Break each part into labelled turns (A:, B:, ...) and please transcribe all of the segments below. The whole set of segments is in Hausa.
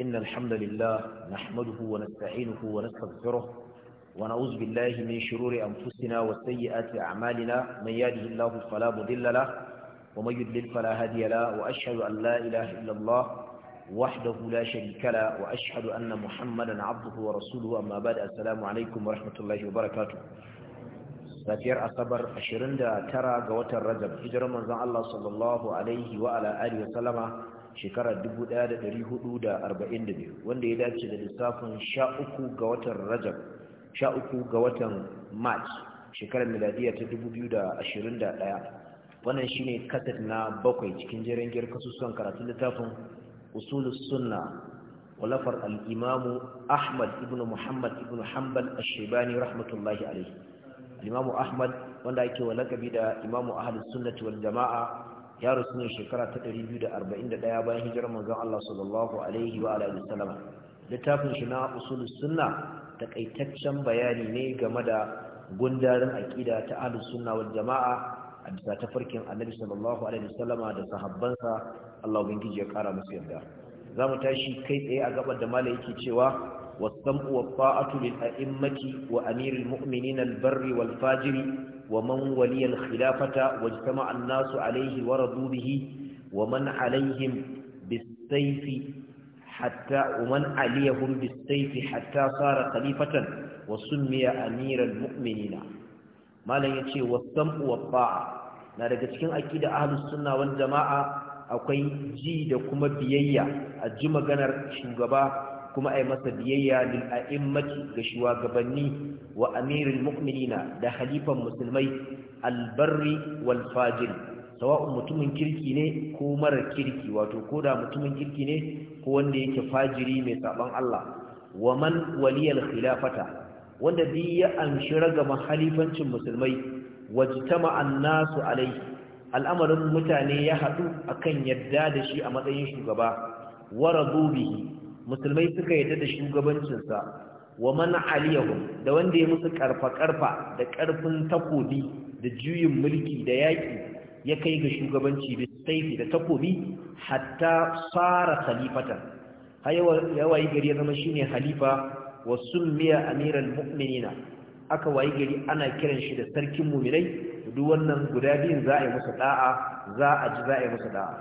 A: إن الحمد لله نحمده ونستعينه ونستغفره ونعوذ بالله من شرور أنفسنا وسيئات أعمالنا من يهده الله فلا مضل له ومن يضلل فلا هادي له وأشهد أن لا إله إلا الله وحده لا شريك له وأشهد أن محمدا عبده ورسوله أما بعد السلام عليكم ورحمة الله وبركاته safiyar asabar 29 ga watan rajab hijirar manzon Allah sallallahu alaihi wa ala alihi wa sallama shekarar 1442 wanda ya dace da lissafin 13 ga watan rajab 13 ga watan march shekarar miladiya ta 2021 wannan shine kasar na bakwai cikin jirangiyar kasusuwan karatun littafin usulus sunna walafar al'imamu ahmad ibn muhammad ibn hanbal ashebani rahmatullahi alaihi imamu ahmad wanda ake wa lakabi da imamu ahalus sunnati wal jama'a ya rasu ne shekara ta 241 bayan hijirar manzon Allah sallallahu alaihi wa alihi wasallam littafin shi na usulus sunna takaitaccen bayani ne game da gundarin aqida ta ahlus sunna wal jamaa a bisa tafarkin annabi sallallahu alaihi wasallama da sahabbansa Allah ubangiji ya kara musu yarda zamu tashi kai tsaye a gabar da malai yake cewa والسمع والطاعة للأئمة وأمير المؤمنين البر والفاجر ومن ولي الخلافة واجتمع الناس عليه ورضوا به ومن عليهم بالسيف حتى ومن عليهم بالسيف حتى صار خليفة وسمي أمير المؤمنين ما لا يتشي والسمع والطاعة na daga cikin aƙida ahlus sunna wal jama'a akwai ji da kuma biyayya a ji maganar shugaba kuma ai masa biyayya lil a'immati ga shugabanni wa amirin mu'minina da halifan musulmai albarri wal fajir sawa'un mutumin kirki ne ko mara kirki wato koda mutumin kirki ne ko wanda yake fajiri mai saban Allah wa man waliyal khilafata wanda bi ya amshi ragama halifancin musulmai wajtama annasu alai al'amarin mutane ya haɗu akan yadda da shi a matsayin shugaba waradu bihi musulmai suka yarda da shugabancinsa wa mana aliyahu da wanda ya musu karfa karfa da karfin takobi da juyin mulki da yaƙi, ya kai ga shugabanci da saifi da takobi hatta tsara khalifatan Ya yawayi gari ya zama shine halifa wa miya amiran mu'minina aka wayi gari ana kiran shi da sarkin mu'minai duk wannan guda biyun za a yi musu da'a za a ji za a yi musu da'a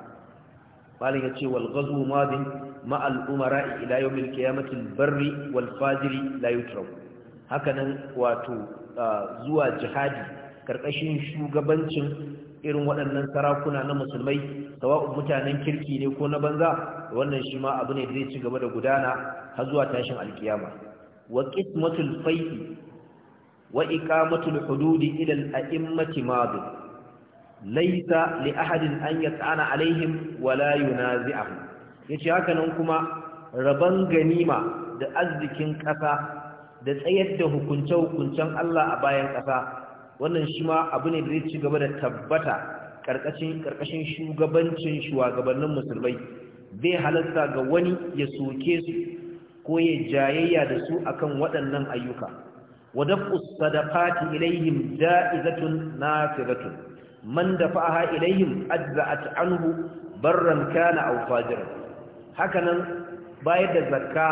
A: malin ce مع الأمراء إلى يوم القيامة البر والفاجر لا يترك هكذا واتو زوا جهادي كرقشين irin waɗannan sarakuna na musulmai sawa'un mutanen kirki ne ko na banza wannan shi ma abu ne da zai ci gaba da gudana har zuwa tashin alkiyama wa qismatul fai'i wa iqamatul hududi ila al-a'immati madu laysa li ahadin an yat'ana alaihim wa la yunazi'ahum yace haka nan kuma raban ganima da arzikin ƙasa da tsayar da hukunce-hukuncen Allah a bayan ƙasa wannan shi ma abu ne da zai ci gaba da tabbata ƙarƙashin shugabancin shugabannin musulmai zai halarta ga wani ya soke su ko ya jayayya da su akan waɗannan ayyuka wadafus sadaqati ilaihim ja'izatun nafiratun man dafa'aha ilaihim ajza'at anhu barran kana aw fajiran haka nan bayar da zakka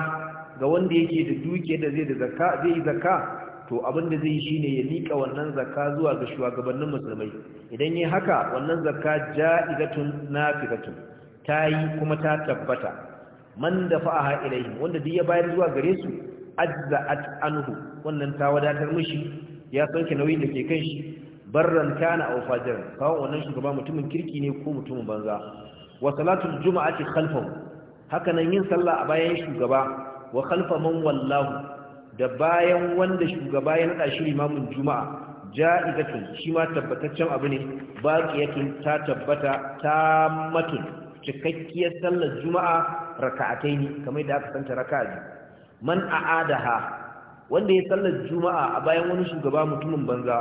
A: ga wanda yake da duke da zai da zakka zai yi zakka to abin da zai shi ne ya liƙa wannan zakka zuwa ga shugabannin musulmai idan yi haka wannan zakka ja'izatun nafiqatun tayi kuma ta tabbata man dafa'aha ilaihim wanda duk ya bayar zuwa gare su ajza'at anhu wannan ta wadatar mishi ya sanke nauyin da ke kan shi barran kana aw fajiran kawo wannan shugaba mutumin kirki ne ko mutumin banza wa salatul juma'ati khalfahu haka nan yin sallah a bayan shugaba wa khalfa man wallahu da bayan wanda shugaba ya nada shi limamin juma'a ja'izatun shi ma tabbataccen abu ne baqiyatun ta tabbata tammatun cikakkiyar sallar juma'a raka'ataini kamar da aka santa raka'a man a'adaha wanda ya sallar juma'a a bayan wani shugaba mutumin banza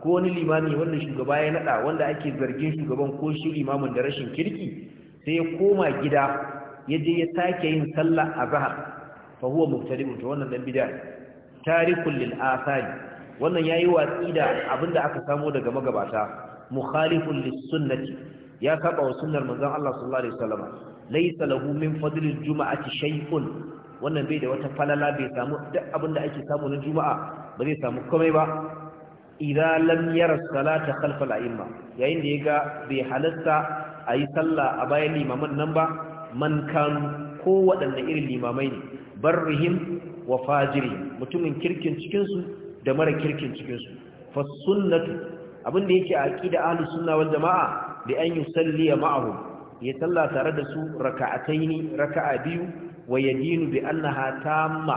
A: ko wani limami wanda shugaba ya nada wanda ake zargin shugaban ko shi limamin da rashin kirki sai ya koma gida ya je ya take yin sallah a zahar fa huwa mubtadi'un to wannan dan bid'a tarikul lil athari wannan yayi watsi da abinda aka samo daga magabata mukhalifun lis sunnati ya saba wa sunnar manzon Allah sallallahu alaihi wasallam laysa lahu min fadlil juma'ati shay'un wannan bai da wata falala bai samu duk abinda ake samu na juma'a ba zai samu komai ba idza lam yara salata khalfa al-a'imma yayin da yaga bai a ayi sallah a bayan limaman nan ba man kanu ko waɗanne irin limamai ne barrihim wa fajiri mutumin kirkin cikinsu da mara kirkin cikinsu abin abinda yake a aƙida ahlus sunna wal jama'a bi an yusalli ma'ahum ya salla tare da su raka'ataini raka'a biyu wa yadinu bi annaha tamma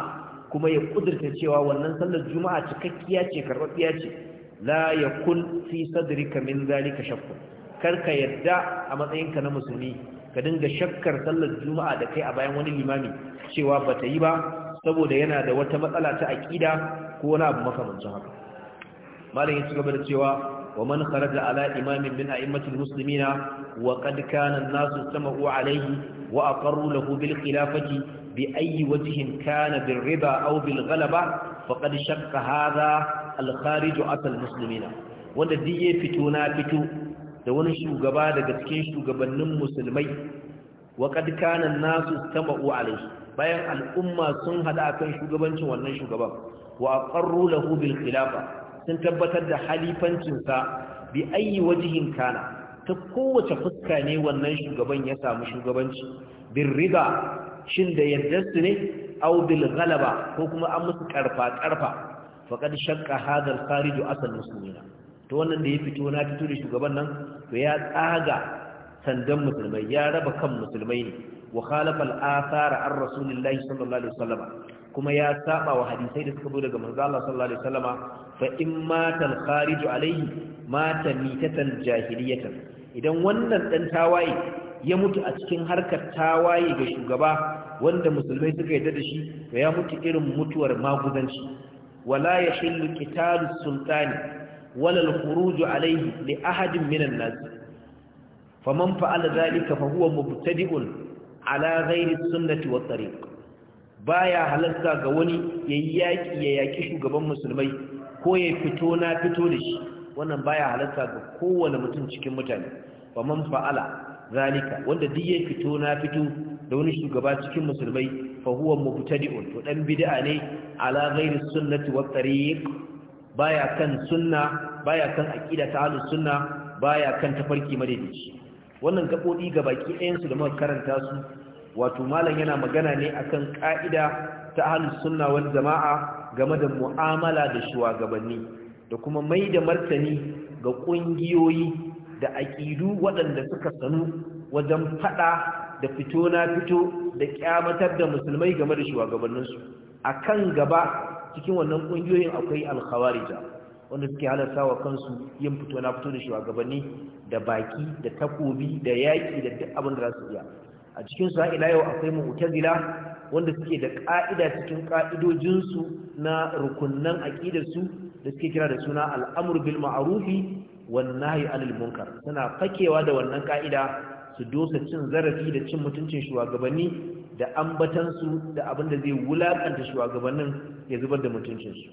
A: kuma ya kudurta cewa wannan sallar juma'a cikakkiya ce karɓaɓɓiya ce la yakun fi sadrika min zalika Kar ka yadda a matsayinka na musulmi ka dinga shakkar sallar juma'a da kai a bayan wani limami cewa ba ta yi ba saboda yana da wata matsala ta aƙida ko wani abu makamancin haka malam ya ci gaba da cewa wa man kharaja ala imamin min a'immatil muslimina wa qad kana an-nasu sama'u alayhi wa aqarru lahu bil khilafati bi ayyi wajhin kana bir riba aw bil ghalaba faqad shakka hadha al kharij asal muslimina wanda duk ya fito na fito da wani shugaba daga cikin shugabannin musulmai wa kad kana nasu tama'u alayhi bayan al'umma sun hada akan shugabancin wannan shugaban wa aqarru lahu bil khilafa sun tabbatar da halifancin sa bi ayi kana ta kowace fuska ne wannan shugaban ya samu shugabanci bin riba shin da yardarsu ne aw bil ko kuma an musu karfa karfa faqad shaqqa hadha al kharij asal muslimina to wannan da ya fito na fito da shugaban nan to ya tsaga sandan musulmai ya raba kan musulmai ne wa khalafa al-athara an rasulillahi sallallahu alaihi wasallam kuma ya saba wa hadisai da suka zo daga manzo Allah sallallahu alaihi wasallam fa in mata al-kharij alaihi mata mitatan jahiliyatan idan wannan dan tawaye ya mutu a cikin harkar tawaye ga shugaba wanda musulmai suka yarda da shi to ya mutu irin mutuwar maguzanci wala yahillu qitalu sultani ولا الخروج عليه alayhi من ahadin فمن فعل ذلك فهو fa'ala على غير السنة والطريق ala ghairi sunnati wa يياك baya halarta ga wani yayi yaki ya shugaban musulmai ko ya fito na fito da shi wannan baya halarta ga kowane mutum cikin mutane man fa'ala zalika wanda duk ya fito na fito da wani shugaba cikin musulmai fa huwa mubtadi'un to dan bid'a ne ala ghairi sunnati wa tariq baya kan sunna baya kan aqida ta ahlus sunna baya kan tafarki madaidaici wannan gabobi baki ɗayan su da muka karanta su wato malam yana magana ne akan ka'ida ta ahlus sunna wal jama'a game da mu'amala da shugabanni da kuma mai da martani ga kungiyoyi da aqidu waɗanda suka sanu wajen fada da fito na fito da kyamatar da musulmai game da shugabanninsu akan gaba cikin wannan ƙungiyoyin akwai alkhawarija wanda suke halarta wa kansu yin fito na fito da shugabanni da baki da takobi da yaƙi da duk abin da za su iya a cikin su ila yau akwai mu'tazila wanda suke da ƙa'ida cikin ƙa'idojinsu na rukunnan aqidar su da suke kira da suna al'amru bil ma'arufi wan nahyi anil munkar suna fakewa da wannan ƙa'ida su dosa cin zarafi da cin mutuncin shugabanni da ambatansu da abin da zai wulakanta shugabannin ya zubar da mutuncinsu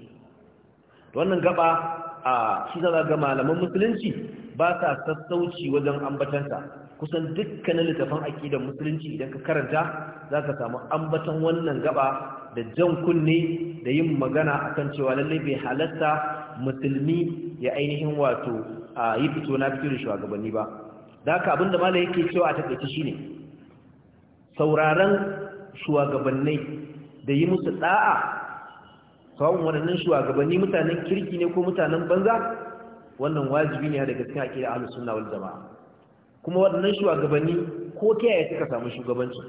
A: wannan gaba a shi za ga malaman musulunci ba sa sassauci wajen ambatansa kusan dukkanin littafin aƙidar musulunci idan ka karanta za ka samu ambatan wannan gaba da jan kunne da yin magana akan cewa lallai bai halatta musulmi ya ainihin wato a yi fito na fito da shugabanni ba da haka abinda mala yake cewa a shi ne. sauraron shugabanni da yi musu da'a kawon waɗannan shugabanni mutanen kirki ne ko mutanen banza wannan wajibi ne daga cikin akida ahlus sunna wal jamaa kuma waɗannan shugabanni ko kiyaye ya suka samu shugabanci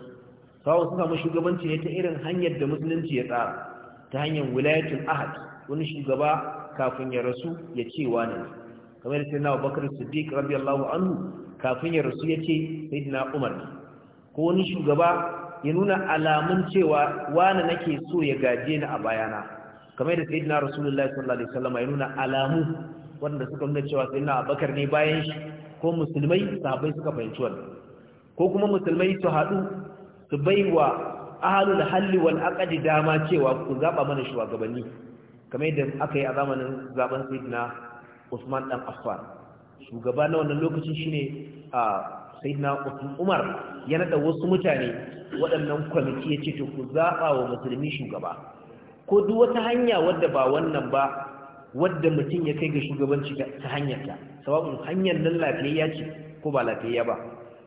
A: kawon su samu shugabanci ne ta irin hanyar da musulunci ya tsara ta hanyar wilayatul ahad wani shugaba kafin ya rasu ya ce wani ne kamar da na Abubakar Siddiq radiyallahu anhu kafin ya rasu ya ce na Umar ko wani shugaba ya nuna alamun cewa wani nake so ya gaje ni a bayana kamar da sayyidina rasulullahi sallallahu alaihi wasallam ya nuna alamu wanda suka nuna cewa sayyidina abakar ne bayan shi ko musulmai sahabbai suka fahimci wannan ko kuma musulmai su haɗu su baiwa ahlul halli wal aqdi dama cewa ku zaba mana shugabanni kamar yadda aka yi a zamanin zaben sayyidina Usman dan Affan shugaba na wannan lokacin shine a ah, Sai na ƙutun Umar ya naɗa wasu mutane waɗannan kwamiti ya ce to ku zaɓa wa musulmi shugaba ko duk wata hanya wadda ba wannan ba wadda mutum ya kai ga shugabanci ta hanyarta sababin hanyar nan lafiyayya ce ko ba lafiyayya ba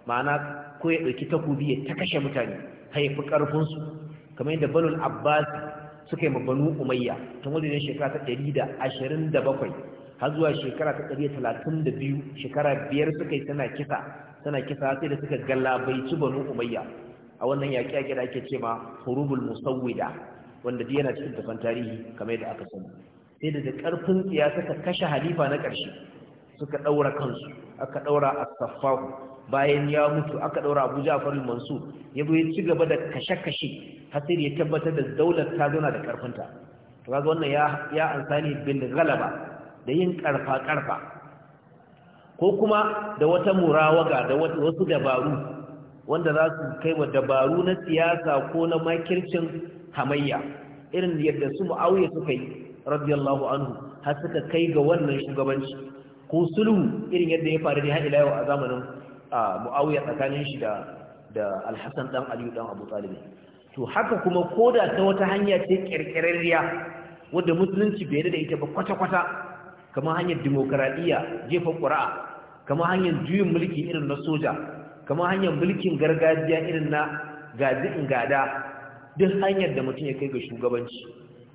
A: ma'ana ko ya ɗauki takobi ya ta kashe mutane haifi ƙarfinsu kamar yadda banul abbas suka yi ma banu umayya tun wajen shekara ta ɗari da ashirin da bakwai har zuwa shekara ta ɗari talatin da biyu shekara biyar suka yi tana kisa tana kisa sai da suka ci banu umayya a wannan yaƙi-yaƙi da ake ce ma hurubul musawwida wanda duk yana cikin tafan tarihi kamar yadda aka sani sai da ƙarfin tsiya suka kashe halifa na ƙarshe suka ɗaura kansu aka ɗaura as-saffahu bayan ya mutu aka ɗaura Abu Ja'far al-Mansur ya ya ci gaba da kashe-kashe har sai ya tabbatar da daular ta zauna da ƙarfinta to kaga wannan ya ya ansani bil ghalaba da yin karfa-karfa ko kuma da wata murawaga da wasu dabaru wanda za su kai wa dabaru na siyasa ko na makircin hamayya irin yadda su mu'awiya suka yi radiyallahu anhu har suka kai ga wannan shugabanci ko sulhu irin yadda ya faru ne har ila yau a zamanin mu'awiya tsakanin shi da da alhassan dan aliyu dan abu talib to haka kuma ko da ta wata hanya ce kirkirarriya wadda musulunci bai da ita ba kwata-kwata kamar hanyar dimokuraɗiyya jefa ƙura'a kamar hanyar juyin mulki irin na soja kamar hanyar mulkin gargajiya irin na gazi'in gada duk hanyar da mutum ya kai ga shugabanci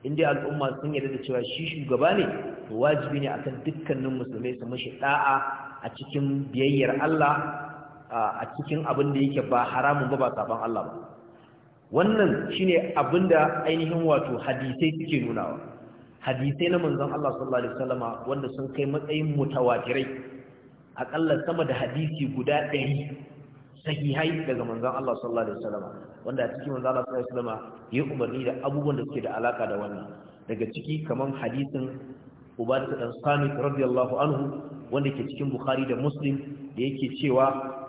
A: inda al'umma sun yarda da cewa shi shugaba ne to wajibi ne akan dukkanin musulmai su mashi da'a a cikin biyayyar Allah a cikin abin da yake ba haramun ba ba saban Allah ba wannan shine abin da ainihin wato hadisai suke nunawa hadisai na manzon Allah sallallahu alaihi wasallama wanda sun kai matsayin mutawatirai akalla sama da hadisi guda 100 sahihai daga manzon Allah sallallahu alaihi wasallama wanda a cikin manzon Allah sallallahu alaihi wasallama ya umarni da abubuwan da suke da alaka da wannan daga ciki kaman hadisin Ubadah dan Samit radiyallahu anhu wanda ke cikin Bukhari da Muslim da yake cewa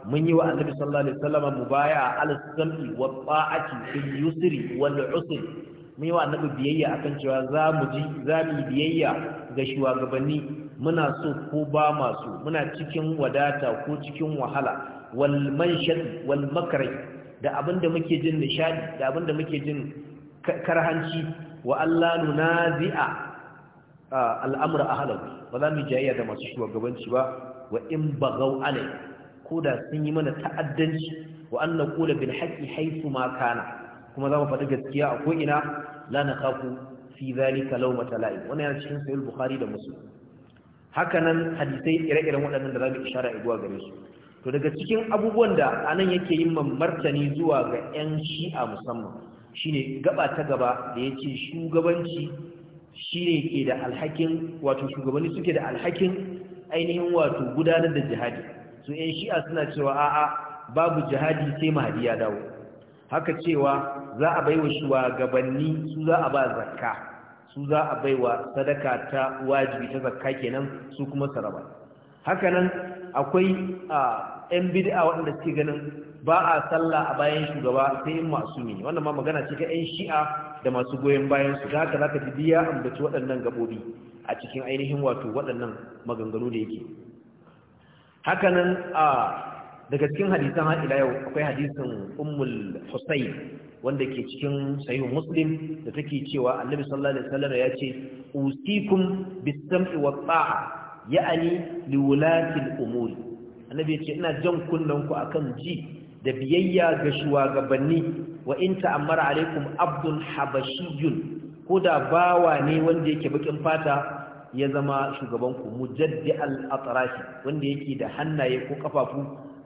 A: mun yi wa Annabi sallallahu alaihi wasallama mubaya'a al sam'i wa ta'ati fil yusri wal usri mun yi wa annabi biyayya akan cewa za mu ji za mu yi biyayya ga shugabanni muna so ko ba masu muna cikin wadata ko cikin wahala wal manshad wal makrai da abinda muke jin nishadi da abinda muke jin karhanci wa Allah nunazi'a a ahlahu ba za mu jayya da masu shugabanci ba wa in bagaw alai ko da sun yi mana ta'addanci wa an naqula bil haqqi haythu ma kana kuma za mu faɗi gaskiya a ko'ina la na kafu fi zalika laumata la'im Wani yana cikin sahih bukhari da Haka nan hadisai ire-iren waɗannan da za mu ishara zuwa gare su to daga cikin abubuwan da a nan yake yin martani zuwa ga 'yan shi'a musamman shine gaba ta gaba da ya ce shugabanci shine ke da alhakin wato shugabanni suke da alhakin ainihin wato gudanar da jihadi su 'yan shi'a suna cewa a'a babu jihadi sai mahadi ya dawo haka cewa za a baiwa shugabanni su za a ba zakka su za a baiwa sadaka ta wajibi ta zakka kenan su kuma saraba hakanan akwai yan bid'a waɗanda suke ganin ba a sallah a bayan shugaba sai in masu ne wannan ma magana ce ta yan shi'a da masu goyon bayan su ka za zaka ji biya ambaci waɗannan gabobi a cikin ainihin wato waɗannan maganganu da yake hakanan a daga cikin hadisan har ila yau akwai hadisin ummul husayn wanda ke cikin sahih muslim da take cewa annabi sallallahu alaihi wasallam ya ce usikum bis-sam'i taa ya'ani liwulatil umuri annabi yace ce ina jan kunnen ku akan ji da biyayya ga shugabanni wa in ta'ammara alaikum abdun Habashijun. ko da bawa ne wanda yake bakin fata ya zama shugaban ku mujaddi al-atrashi wanda yake da hannaye ko kafafu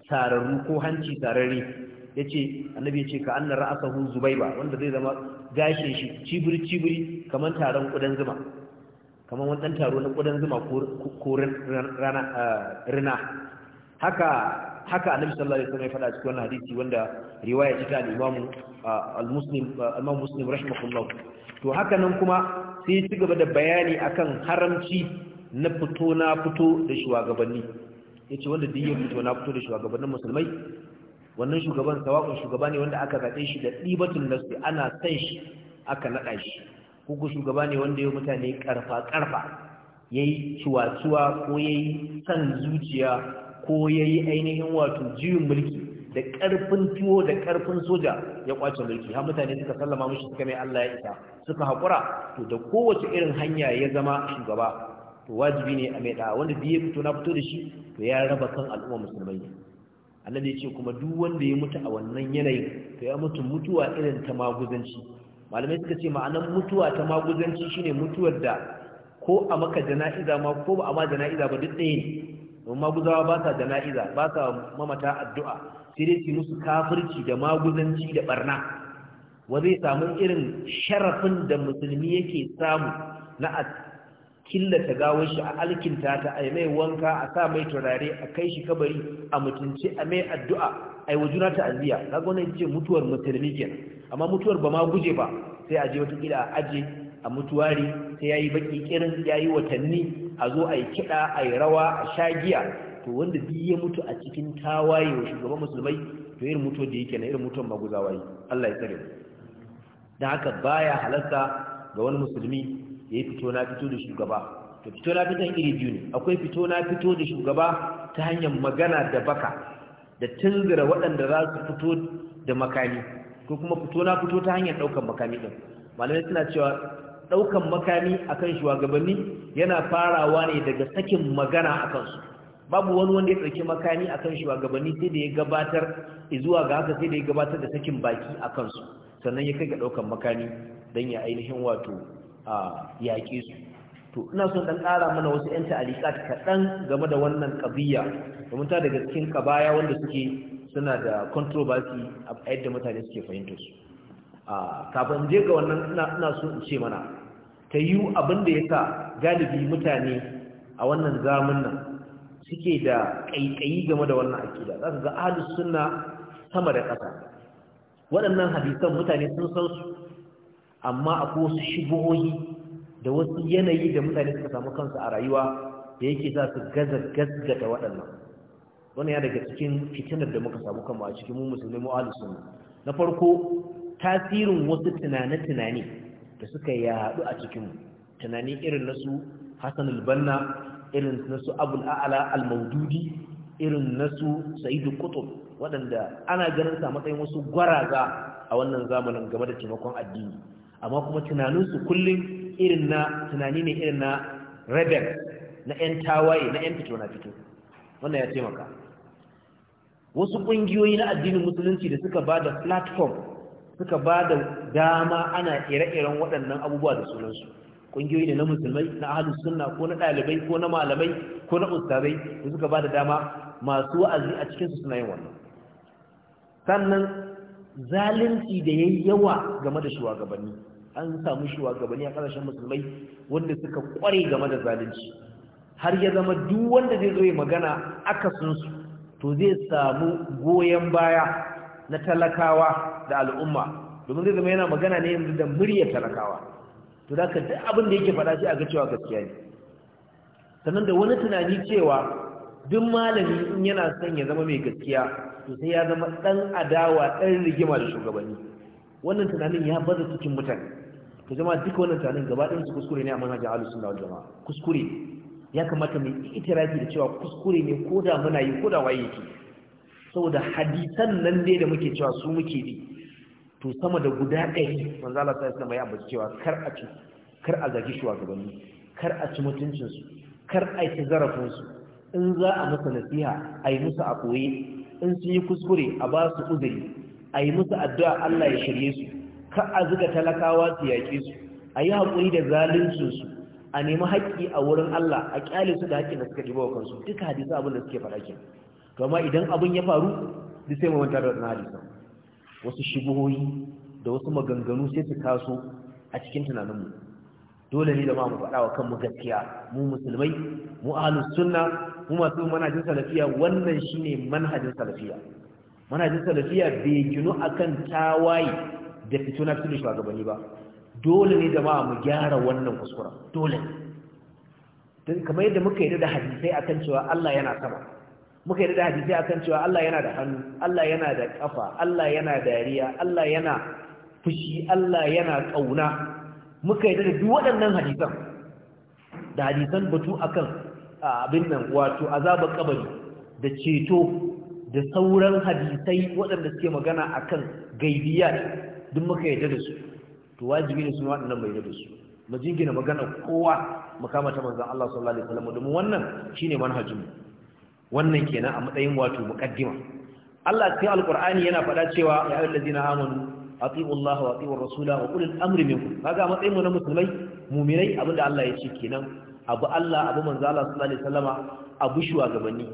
A: sararru ko hanci sararre yace annabi yace ka anna ra'asahu zubaiba wanda zai zama gashin shi cibiri cibiri kaman taron kudan zuma kaman wannan taro na kudan zuma ko rana eh, rina haka haka annabi sallallahu alaihi wasallam ya faɗa cikin wannan hadisi wanda riwaya ce ta al-Imam eh, al-Muslim eh, Imam Muslim rahimahullah to haka nan kuma sai ci gaba da bayani akan haramci na fito na fito da shugabanni yace wanda duk ya fito na fito da shugabannin musulmai wannan shugaban sawa'un shugaba ne wanda aka zaɓe shi da ɗibatun nasu ana san shi aka naɗa shi kuku shugaba ne wanda ya mutane ƙarfa-ƙarfa ya yi ciwa ko ya yi san zuciya ko ya yi ainihin wato jiwin mulki da ƙarfin tuwo da ƙarfin soja ya ƙwace mulki har mutane suka sallama mushi suka mai Allah ya isa suka haƙura to da kowace irin hanya ya zama shugaba to wajibi ne a mai ɗa wanda biye fito na fito da shi to ya raba kan al'umma musulmai annabi ya ce kuma duk wanda ya mutu a wannan yanayin to ya mutu mutuwa irin ta maguzanci malamai suka ce ma'anan mutuwa ta maguzanci shine mutuwar da ko a maka jana'iza ma ko ba a ma jana'iza ba duk ɗaya ne don maguzawa ba sa jana'iza ba sa mamata addu'a sai dai su musu kafirci da maguzanci da barna wa zai samu irin sharafin da musulmi yake samu na killata gawar shi a alkinta ta a mai wanka a sa mai turare a kai shi kabari a mutunci a mai addu'a a yi wajuna aziya ga wannan ce mutuwar musulmi ke amma mutuwar ba ma guje ba sai a je wata kila a aje a mutuwari sai ya yi baki kirin yi watanni a zo a yi kiɗa a yi rawa a sha giya to wanda ya mutu a cikin tawaye shugaban musulmai to irin mutuwar da yake na irin mutuwar maguzawa yi Allah ya tsare mu haka baya halarta ga wani musulmi ya yi fito na fito da shugaba to fito na fitan iri biyu ne akwai fito na fito da shugaba ta hanyar magana da baka da tunzura waɗanda za su fito da makami ko kuma fito na fito ta hanyar ɗaukan makami ɗin malamai suna cewa ɗaukan makami akan shugabanni yana farawa ne daga sakin magana a kansu babu wani wanda ya ɗauki makami akan shugabanni sai da ya gabatar zuwa ga haka sai da ya gabatar da sakin baki a kansu sannan ya kai ga ɗaukan makami don ya ainihin wato yaƙi su to ina son ɗan ƙara mana wasu 'yan ta'alikat kaɗan game da wannan ƙabiya domin ta daga cikin ƙabaya wanda suke suna da controversy a yadda mutane suke fahimta su kafin je ga wannan ina so in ce mana ta yi abin da ya sa galibi mutane a wannan zamun nan suke da ƙaiƙayi game da wannan akida za su ga ahalus suna sama da ƙasa waɗannan hadisan mutane sun san su amma akwai wasu shigohi da wasu yanayi da mutane suka samu kansu a rayuwa da yake za su gaza gaskata waɗannan wani ya daga cikin fitinar da muka samu kanmu a cikin mu musulmi mu sunna na farko tasirin wasu tunane-tunane da suka yaɗu a cikinmu tunani irin na su hassan albanna irin na su abul a'ala al-maududi irin na su sa'idu kutub waɗanda ana ganin sa matsayin wasu gwaraza a wannan zamanin game da taimakon addini amma kuma tunaninsu kullum irin na tunani ne irin na rebel na 'yan tawaye na 'yan fito na fito wannan ya taimaka wasu ƙungiyoyi na addinin musulunci da suka ba da platform suka ba da dama ana ire-iren waɗannan abubuwa da sunansu ƙungiyoyi da na musulmai na ahalus sunna ko na ɗalibai ko na malamai ko na ustazai da suka ba da dama masu wa'azi a cikinsu suna yin wannan sannan zalunci da ya yi yawa game da shugabanni an samu shugabanni a ƙasashen musulmai wanda suka ƙware game da zalunci har ya zama duk wanda zai zo ya magana akasinsu to zai samu goyon baya na talakawa da al'umma domin zai zama yana magana ne yanzu da murya talakawa to da ka duk abin da yake faɗa shi a ga cewa gaskiya ne sannan da wani tunani cewa duk malami in yana son ya zama mai gaskiya to sai ya zama ɗan adawa ɗan rigima da shugabanni wannan tunanin ya baza cikin mutane ka jama'a duka wannan tunanin gaba ɗayan su kuskure ne a manhajar ahlus sunna wal jama'a kuskure ya kamata mu itirafi da cewa kuskure ne ko da muna yi ko da waye yake saboda hadisan nan dai da muke cewa su muke bi to sama da guda ɗaya manzo Allah sai sama ya ambaci cewa kar a ci kar a zagi shugabanni kar a ci mutuncinsu, su kar a ci zarafin su in za a masa nasiha a yi musu a koye in sun yi kuskure a ba su uzuri a yi musu addu'a Allah ya shirye su ka a zuga talakawa su yaƙe su a yi haƙuri da zaluncinsu su a nemi haƙƙi a wurin Allah a ƙyale su da haƙƙin da suka ɗiba kansu duk hadisa abin da suke faɗa ke idan abin ya faru duk sai mamanta da wannan hadisa wasu shigohi da wasu maganganu sai su taso a cikin tunaninmu dole ne da ma mu faɗa wa kanmu gaskiya mu musulmai mu ahlus sunna mu masu manhajin salafiya wannan shine manhajin salafiya manhajin salafiya bai ginu akan tawaye da fito na fito da shugabanni ba dole ne jama'a mu gyara wannan kuskura dole ne don kamar yadda muka yi da hadisai kan cewa Allah yana sama muka yi da hadisai kan cewa Allah yana da hannu Allah yana da kafa Allah yana dariya Allah yana fushi Allah yana ƙauna. muka yi da duk waɗannan hadisan da hadisan batu akan abin nan wato azabar kabari da ceto da sauran hadisai waɗanda suke magana akan gaibiya duk muka yadda da su to wajibi ne su waɗannan bai da su mu jingina magana kowa mu kama ta manzon Allah sallallahu alaihi wasallam domin wannan shine manhajin mu wannan kenan a matsayin wato muqaddima Allah sai alqur'ani yana faɗa cewa ya ayyuhallazina amanu atiiu Allah wa atiiu rasula wa ulil amri minkum kaga a matsayin mu na musulmai mu'minai abinda Allah ya ce kenan abu Allah abu manzon Allah sallallahu alaihi wasallama abu shugabanni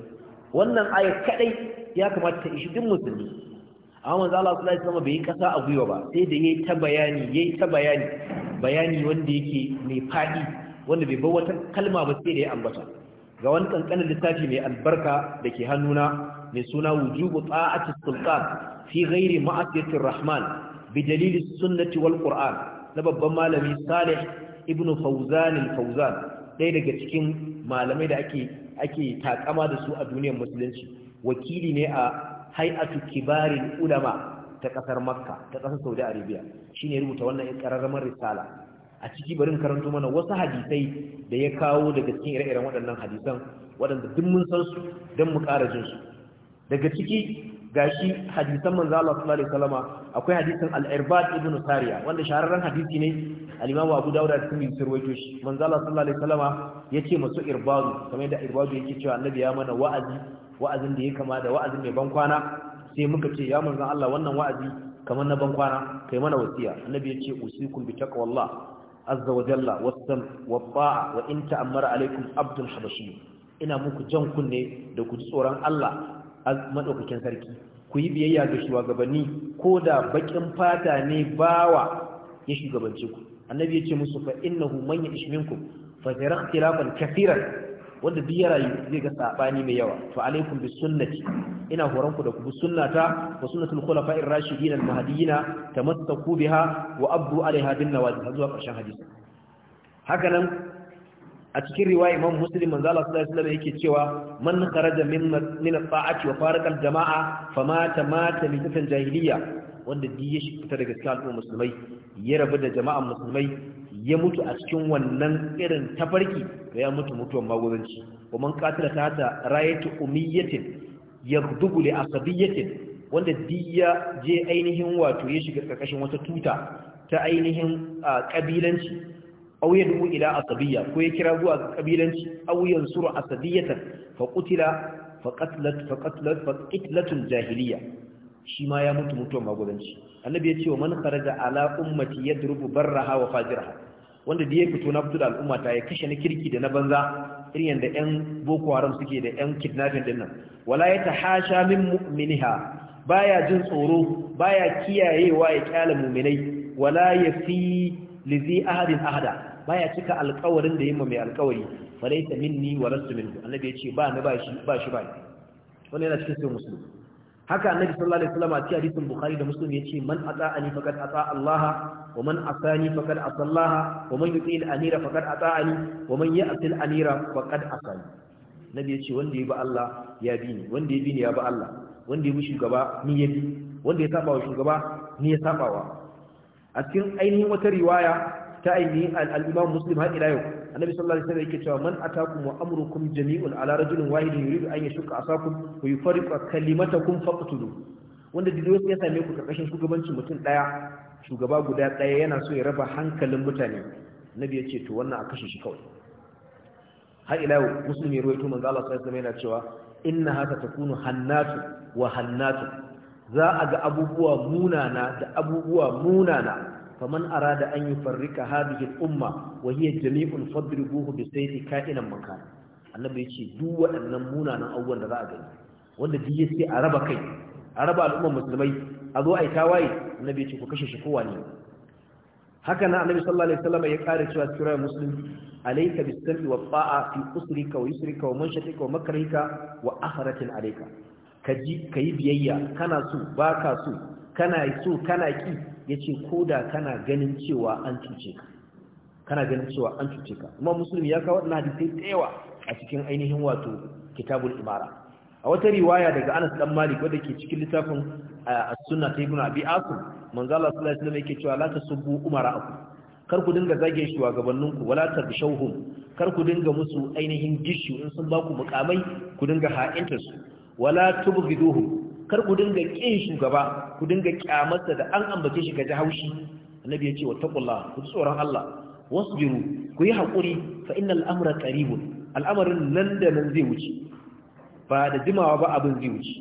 A: wannan ayat kadai ya kamata ta ishi duk musulmi amma manzo Allah sallallahu alaihi bai yi kasa a gwiwa ba sai da yayi ta bayani yayi ta bayani bayani wanda yake mai fadi wanda bai bar wata kalma ba sai da ya ambata ga wani kankanin littafi mai albarka da ke hannuna mai suna wujubu ta'atis sultan fi ghairi ma'asiyatir rahman bi dalili sunnati wal qur'an na babban malami salih ibn fawzan al-fawzan ɗaya daga cikin malamai da ake ake takama da su a duniyar musulunci wakili ne a hay'atu kibarin ulama ta kasar makka ta kasar saudi arabia shine rubuta wannan ƙararramar risala a ciki barin karanto mana wasu hadisai da ya kawo daga cikin ire-iren waɗannan hadisan waɗanda duk mun san su don mu ƙara jin su daga ciki gashi hadisan manzo Allah sallallahu alaihi wasallama akwai hadisan al-irbad ibn sariya wanda shahararren hadisi ne al-imamu abu dawud da kuma yusur shi manzo Allah sallallahu alaihi wasallama yace masu irbadu kamar da irbadu yake cewa annabi ya mana wa'azi wa'azin da ya kama da wa'azin mai bankwana sai muka ce ya manzan Allah wannan wa'azi kamar na bankwana kai mana wasiya annabi ya ce usikum bi taqwallah azza wa jalla wasam wa ta'a wa in ta'ammara alaikum abdul habashi ina muku jan kunne da ku ji tsoron Allah madaukakin sarki ku yi biyayya ga shugabanni ko da bakin fata ne bawa ya shugabance ku annabi ya ce musu fa innahu man yashminkum fa zara ikhtilafan kaseeran wanda duk ya rayu zai ga sabani mai yawa to alaikum bis sunnati ina horon ku da ku sunnata wa sunnatul khulafa'ir rashidin al mahdiyina tamassaku biha wa abdu alaiha bin nawajib zuwa ƙarshen hadisi haka nan a cikin riwaya Imam Muslim manzo Allah sallallahu alaihi yake cewa man kharaja min min ta'ati wa farqa al jama'a famata mata min jahiliya wanda duk ya fita daga cikin al'ummar musulmai ya rabu da jama'ar musulmai ya mutu a cikin wannan irin tafarki da ya mutu mutuwan maguzanci kuma katila ta ta rayatu umiyyatin ya dubu da asabiyyatin wanda diya je ainihin wato ya shiga karkashin wata tuta ta ainihin kabilanci aw dubu ila asabiyya ko ya kira zuwa kabilanci auyen yansuru asabiyatan fa qutila fa qatlat fa qatlat fa qitlatul jahiliya shi ma ya mutu mutuwan maguzanci annabi ya ce wa man kharaja ala ummati yadrubu barraha wa fajiraha wanda da ya fito na fito da al'umma ta ya kashe na kirki da na banza irin yadda yan boko haram suke da yan kidnapping din nan wala ya tahasha min mu'miniha baya jin tsoro baya kiyayewa ya kyala mu'minai wala ya fi lizi ahadin ahada baya cika alkawarin da yimma mai alkawari falaita minni wa rasu minhu annabi ya ce ba na ba shi ba shi ba wannan yana cikin sai musulmi haka annabi sallallahu alaihi wasallam a cikin hadisin bukhari da muslim yace man ata'ani faqad ata'a Allah wa man asani faqad asa Allah wa man yuti al-amira faqad ata'ani wa man ya'ti al-amira faqad asani nabi yace wanda ya bi Allah ya bi ni wanda ya bi ni ya bi Allah wanda ya bi shugaba ni ya bi wanda ya saba wa shugaba ni ya saba wa a cikin ainihin wata riwaya ta ainihin al-Imam Muslim har ila yau annabi sallallahu alaihi wasallam yake cewa man atakum wa amrukum jami'un ala rajulin wahidin yuridu an yashuka asakum wa yufarriqa kalimatakum faqtulu wanda duk ya same ku karkashin shugabancin mutum daya shugaba guda daya yana so ya raba hankalin mutane nabi ya ce to wannan a kashe shi kawai har ila yau musulmi ya ruwaito manzo Allah sallallahu alaihi wasallam yana cewa inna haka takunu hannatu wa hannatu za a ga abubuwa munana da abubuwa munana faman arada an yufarrika hadhihi al-umma wa hiya jami'un fadribuhu bi sayfi ka'inan makan annabi yace duk waɗannan munanan abubuwan da za gani wanda duk yace a raba kai a raba al'ummar musulmai a zo a yi tawaye annabi ce ku kashe shi kowa ne haka nan annabi sallallahu alaihi wasallam ya kare cewa sura muslim alayka bis sirri wa ta'a fi usrika wa yusrika wa manshatika wa makrika wa akharatin alayka kaji kayi biyayya kana so baka so kana so kana ki ya ce ko da kana ganin cewa an cuce ka kana ganin cewa an cuce ka kuma musulmi ya kawo waɗannan hadisai da yawa a cikin ainihin wato kitabul imara a wata riwaya daga Anas dan Malik wanda ke cikin littafin as-sunna ta ibn Abi Asim manzo Allah sallallahu alaihi yake cewa la tasubbu umara akum kar ku dinga zage shi shugabannin ku wala tabshawhum kar ku dinga musu ainihin gishu in sun ba ku mukamai ku dinga ha'intar su wala tubghiduhum kar ku dinga kin shugaba ku dinga kyamarsa da an ambace shi ga haushi annabi ya ce wa taqullah ku tsoron Allah wasbiru ku yi haƙuri fa innal amra qaribun al'amarin nan da nan zai wuce ba da jimawa ba abin zai wuce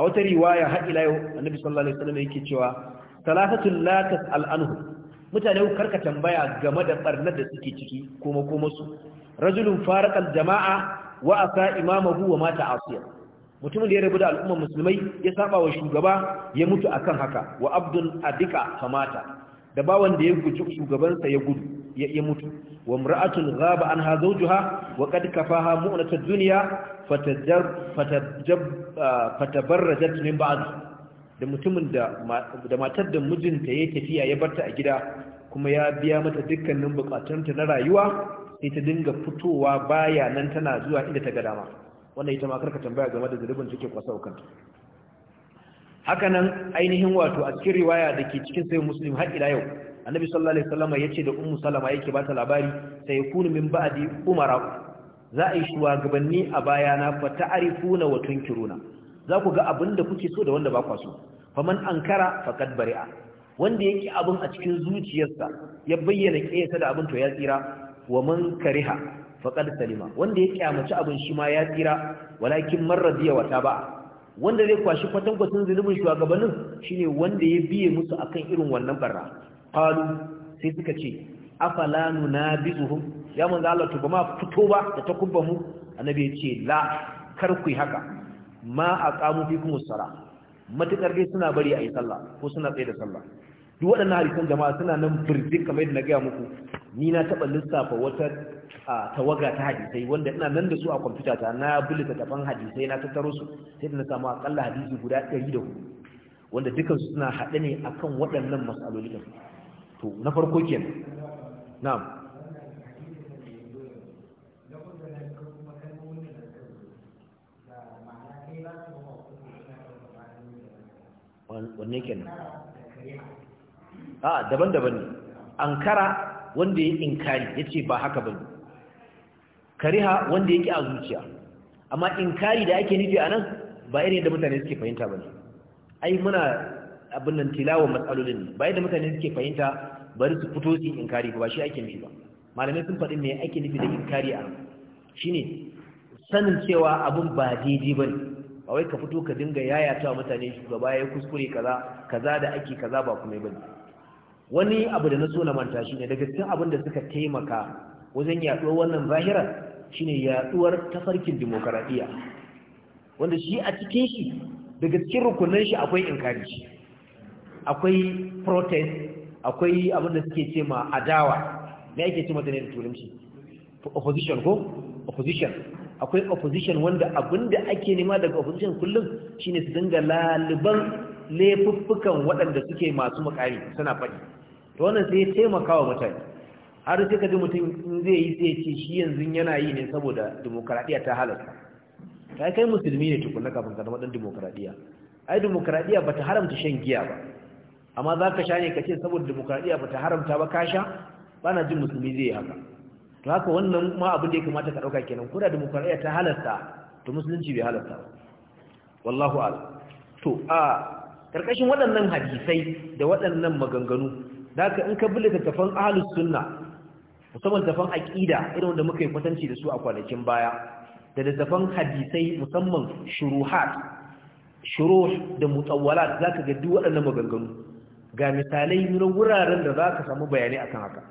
A: a wata riwaya har ila yau annabi sallallahu alaihi wasallam yake cewa salatatul la tas'al anhu mutane ku karka tambaya game da barnar da suke ciki ko makomasu rajulun farqal jama'a wa asa imamahu wa mata asiya mutumin da ya rabu da al'ummar musulmai ya saba wa shugaba ya mutu akan haka wa abdun adika famata da bawan da ya guji shugabansa ya gudu ya mutu wa mura'atun ghaba an zawjuha wa qad kafaha mu'nata dunya fatajab fatajab ah, fatabarrajat min da mutumin da da matar da mijinta ya tafiya ya barta a gida kuma ya biya mata dukkanin bukatunta na rayuwa sai ta dinga fitowa baya nan tana zuwa inda ta ga dama wannan ita ma karka tambaya game da zunubin take kwasa ta haka nan ainihin wato a cikin riwaya da ke cikin sayin muslim har ila yau annabi sallallahu alaihi wasallam yace da ummu salama yake ba ta labari sai yakunu min ba'di umara za a yi shugabanni a baya na fa ta'rifuna wa tunkiruna za ku ga abin da kuke so da wanda ba kwa so faman ankara faqad bari'a wanda yake abin a cikin zuciyarsa ya bayyana kiyasa da abin to ya tsira wa man kariha faqad salima wanda ya kyamaci abin shi ma ya tsira walakin man radiya wa taba wanda zai kwashi kwatan kwatin zulubin shugabannin shine wanda ya biye musu akan irin wannan barra qalu sai suka ce afala nunabizuhum ya manzo Allah to ba ma fito ba da takubba mu annabi ya ce la kar ku haka ma aqamu fikum as-salah matukar dai suna bari a yi sallah ko suna tsaye da sallah duk waɗannan harikan jama'a suna nan birjik kamar yadda na gaya muku ni na taɓa lissafa wata tawaga ta hadisai wanda ina nan da su a kwamfuta ta na bulita tafan hadisai na tattaro su sai da na samu akalla hadisi guda 104 wanda dukansu suna haɗe ne akan waɗannan matsaloli ɗin to na farko kenan Na. wanne kenan a daban-daban ne ankara wanda ya inkari ya ce ba haka ba kariha wanda ya ƙi a zuciya amma inkari da ake nufi a nan ba irin yadda mutane suke fahimta ba ne ai muna abin nan tilawa matsalolin ne ba yadda mutane suke fahimta bari su fito su inkari ba shi ake nufi ba malamai sun faɗi me ake nufi da inkari a shine sanin cewa abin ba daidai ba ne ba wai ka fito ka dinga yayata mutane shugaba ya kuskure kaza kaza da ake kaza ba kuma ba ne wani abu da na so na manta shi ne daga cikin abin da suka taimaka wajen yaduwar wannan zahirar shine yaduwar tafarkin demokaradiyya wanda shi a cikin shi daga cikin rukunan shi akwai inkari akwai protest akwai abin da suke ce ma adawa me yake ce mata ne da turanci opposition ko opposition akwai opposition wanda abin da ake nema daga opposition kullum shine su dinga laliban laifuffukan waɗanda suke masu makari suna faɗi to wannan sai ya taimaka wa mutane har sai ka ji mutum in zai yi sai ce shi yanzu yana yi ne saboda demokaradiyya ta halarta ta kai musulmi ne tukunna kafin ka zama dan demokaradiyya ai demokaradiyya ba ta haramta shan giya ba amma za ka sha ne ka ce saboda demokaradiyya ba ta haramta ba ka sha ba na jin musulmi zai yi haka to haka wannan ma abin da ya kamata ka ɗauka kenan ko da demokaradiyya ta halarta to musulunci bai halarta ba wallahu a'lam to a karkashin waɗannan hadisai da waɗannan maganganu Zaka in ka bi littattafan ahlus sunna musamman littattafan aqida irin wanda muka yi kwatanci da su a kwanakin baya da littattafan hadisai musamman shuruhat shuruh da mutawwalat zaka ga duk waɗannan maganganu ga misalai na wuraren da zaka samu bayanai akan haka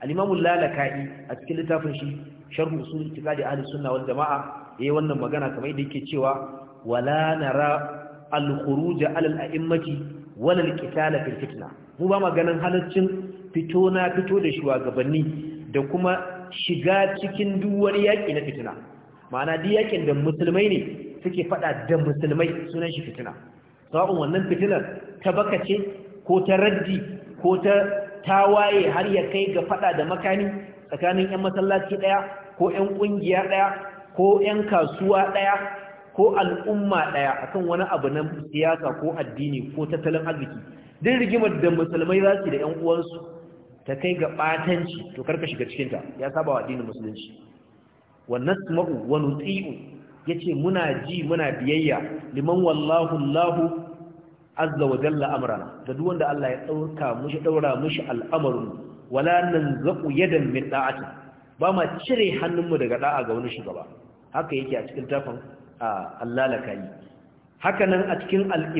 A: al-imamu lalaka'i a cikin littafin shi sharh usul itiqadi ahlus sunna wal jamaa yayi wannan magana kamar yadda yake cewa wala nara al-khuruj ala al-a'immati wala al-qitala fil mu ba ma ganin halaccin fito na fito da shugabanni da kuma shiga cikin duwar yaƙi na fitina ma'ana du yaƙin da musulmai ne suke faɗa da musulmai sunan shi fitina sawa'un wannan fitinar ta baka ce ko ta raddi ko ta tawaye har ya kai ga faɗa da makani tsakanin 'yan masallaci ɗaya ko 'yan ƙungiya ɗaya ko 'yan kasuwa ɗaya ko al'umma ɗaya akan wani abu na siyasa ko addini ko tattalin arziki Din rigimar da musulmai za su da ƴan uwansu ta kai ga ɓatanci. to karka shiga cikin ta ya saba wa addinin musulunci wa wani wa nuti'u yace muna ji muna biyayya liman wallahu Allahu azza wa jalla amrana da duk wanda Allah ya dauka mushi daura mushi al'amarin wala nanzaqu yadan min da'ati ba ma cire hannunmu daga da'a ga wani shugaba haka yake a cikin tafin Allah lakai haka nan a cikin al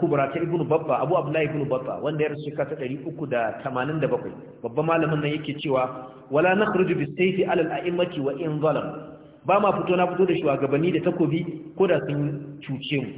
A: kubra ta ibnu babba abu abdullahi ibnu babba wanda ya rasu shekara ta bakwai, babban malamin nan yake cewa wala nakhruju bis-sayfi ala al-a'immati wa in zalam ba ma fito na fito da shugabanni da takobi ko da sun cuce mu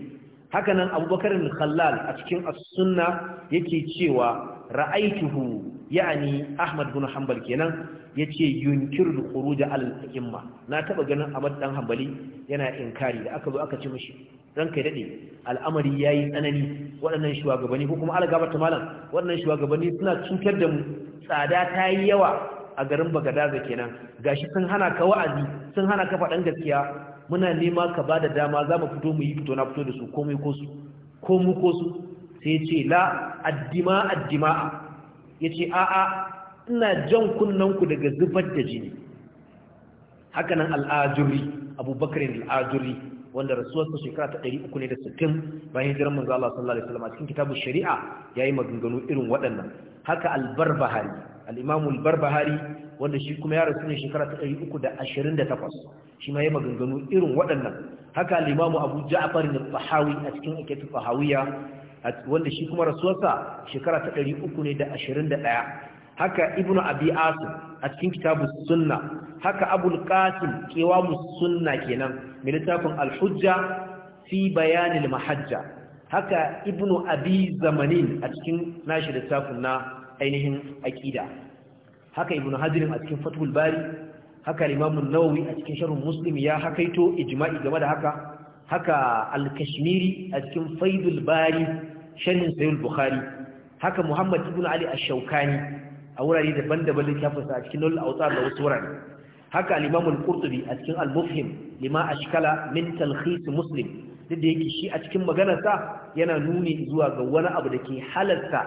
A: haka nan abubakar bin khallal a cikin as-sunna yake cewa ra'aituhu ya'ani ahmad bin hanbal kenan ya ce da kuru da a'imma na taba ganin Ahmad dan hambali yana inkari da aka zo aka ci mashi ran kai daɗe al'amari ya yi tsanani waɗannan shugabanni ko kuma algaba ta malam waɗannan shugabanni suna cutar da mu tsada ta yi yawa a garin Bagadaza kenan gashi sun hana ka wa'azi sun hana ka faɗan gaskiya muna nema ka ba da dama za mu fito mu yi fito na fito da su ko su ko mu ko su sai ce la addima addima'a ya ce a'a ina jan kunnanku daga zubar da jini hakanan al'ajuri abubakarin al'ajuri wanda rasuwarsa shekara ta 360 bayan jiran manzo Allah sallallahu alaihi wasallam cikin kitabun shari'a yayi maganganu irin waɗannan haka al-barbahari al-imamu al-barbahari wanda shi kuma ya rasu ne shekara ta 328 shi ma yayi maganganu irin waɗannan haka al-imamu Abu Ja'far al-Tahawi a cikin Ikatu Tahawiyya wanda shi kuma rasuwarsa shekara ta 321 haka ibnu abi asim a cikin kitabu sunna haka abul qasim sunna kenan mai littafin al-hujja fi bayan mahajja haka ibnu abi zamanin a cikin nashi littafin na ainihin aqida haka ibnu hajar a cikin fathul bari haka imam an-nawawi a cikin sharh muslim ya hakaito ijma'i game da haka haka al-kashmiri a cikin faidul bari sharhin sahih bukhari haka muhammad ibn ali ash-shawkani a wurare daban-daban littafinsa a cikin nolul autar da wasu wurare haka al-imam qurtubi a cikin al-mufhim lima ashkala min talkhis muslim duk da yake shi a cikin maganarsa yana nuni zuwa ga wani abu da ke halarta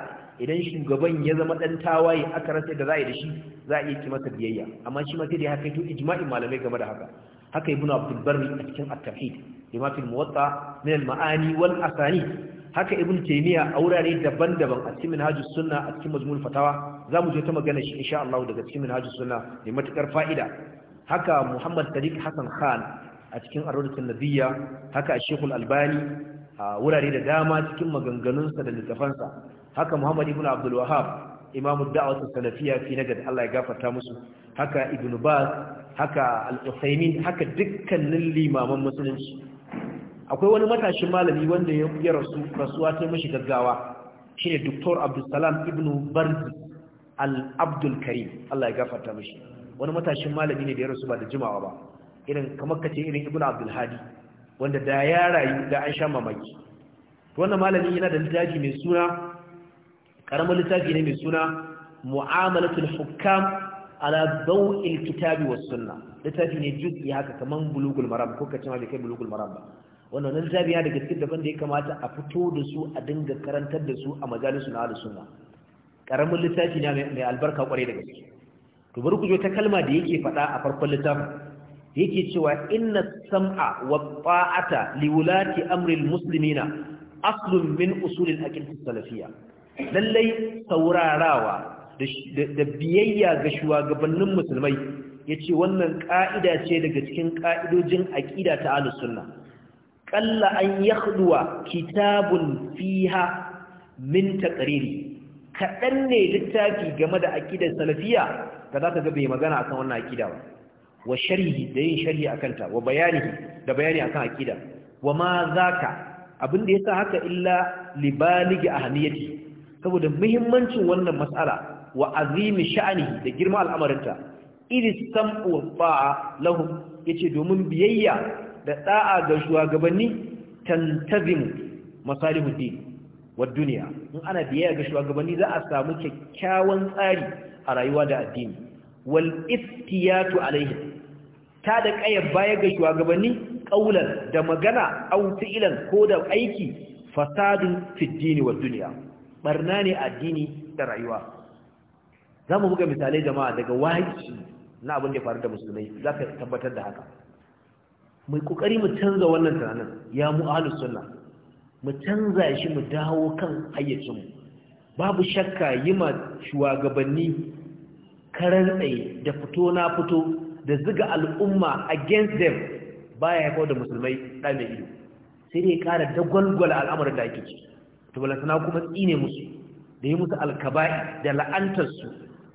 A: idan shugaban ya zama dan tawaye aka rasa da za a yi da shi za a iya ki masa biyayya amma shi ma sai da haka to ijma'in malamai game da haka haka ibnu abdul barri a cikin at-tafhid lima fil muwatta min al-ma'ani wal Asani. haka ibn taymiya a wurare daban-daban a cikin minhajus sunna a cikin mazmul fatawa zamu je ta magana shi insha Allah daga cikin minhajus sunna ne matukar fa'ida haka muhammad Tariq hasan khan a cikin arwadatun nabiyya haka shekul albani a wurare da dama cikin maganganunsa da littafansa haka muhammad ibn abdul wahab imamu da'awatu salafiyya fi najd Allah ya gafarta musu haka ibn baz haka al-usaymin haka dukkanin limaman musulunci akwai wani matashin malami wanda ya rasu rasuwa ta mashi gaggawa shi ne doktor abdulsalam ibn barzi al-abdul karim Allah ya gafarta mashi wani matashin malami ne da ya rasu ba da jimawa ba irin kamar kace irin ibn abdul hadi wanda da ya rayu da an sha mamaki wannan malami yana da littafi mai suna karamin littafi ne mai suna mu'amalatul hukam ala daw'il kitabi was sunna littafi ne juzi haka kaman bulugul maram ko kace ma bai kai bulugul maram ba wannan wannan littafi daga cikin daban da ya kamata a fito da su a dinga karantar da su a majalisu na ahlus sunna karamin littafi ne mai albarka kwarai da gaske to bari ku zo ta kalma da yake faɗa a farkon littafin yake cewa inna sam'a wa ta'ata li wulati amril muslimina aslun min usulil aqidati salafiyya lallai saurarawa da biyayya ga shugabannin musulmai yace wannan ka'ida ce daga cikin ka'idojin aqida ta ahlus sunna ƙalla an yakhduwa kitabun fiha min taqriri kaɗan ne littafi game da aƙidar salafiya ka za ka ga bai magana akan wannan aƙida ba wa sharhi da yin sharhi akan ta wa bayani da bayani akan akida. wa ma zaka abin da yasa haka illa libaligi ahmiyati saboda muhimmancin wannan mas'ala wa azimi sha'ani da girma al'amarinta idis sam'u wa ta'a lahum yace domin biyayya da da'a ga shugabanni tantazimu masalihud din wa duniya in ana biyayya ga shugabanni za a samu kyakkyawan tsari a rayuwa da addini wal iftiyatu alaihim ta da kayar baya ga shugabanni ƙaular da magana au fi'ilan ko da aiki fasadun fiddini wa duniya barna ne addini da rayuwa za mu buga misalai jama'a daga wahayi na abin da faru da musulmai za ka tabbatar da haka mai kokari mu canza wannan tunanin ya mu ahlus sunna mu canza shi mu dawo kan hayyacinmu babu shakka yi ma shugabanni karar tsaye da fito na fito da ziga al'umma against them baya haifar da musulmai ɗame ido sai dai ƙara dagwalgwala al'amarin da ake ci to sana kuma tsine musu da yi musu alkaba'i da la'antarsu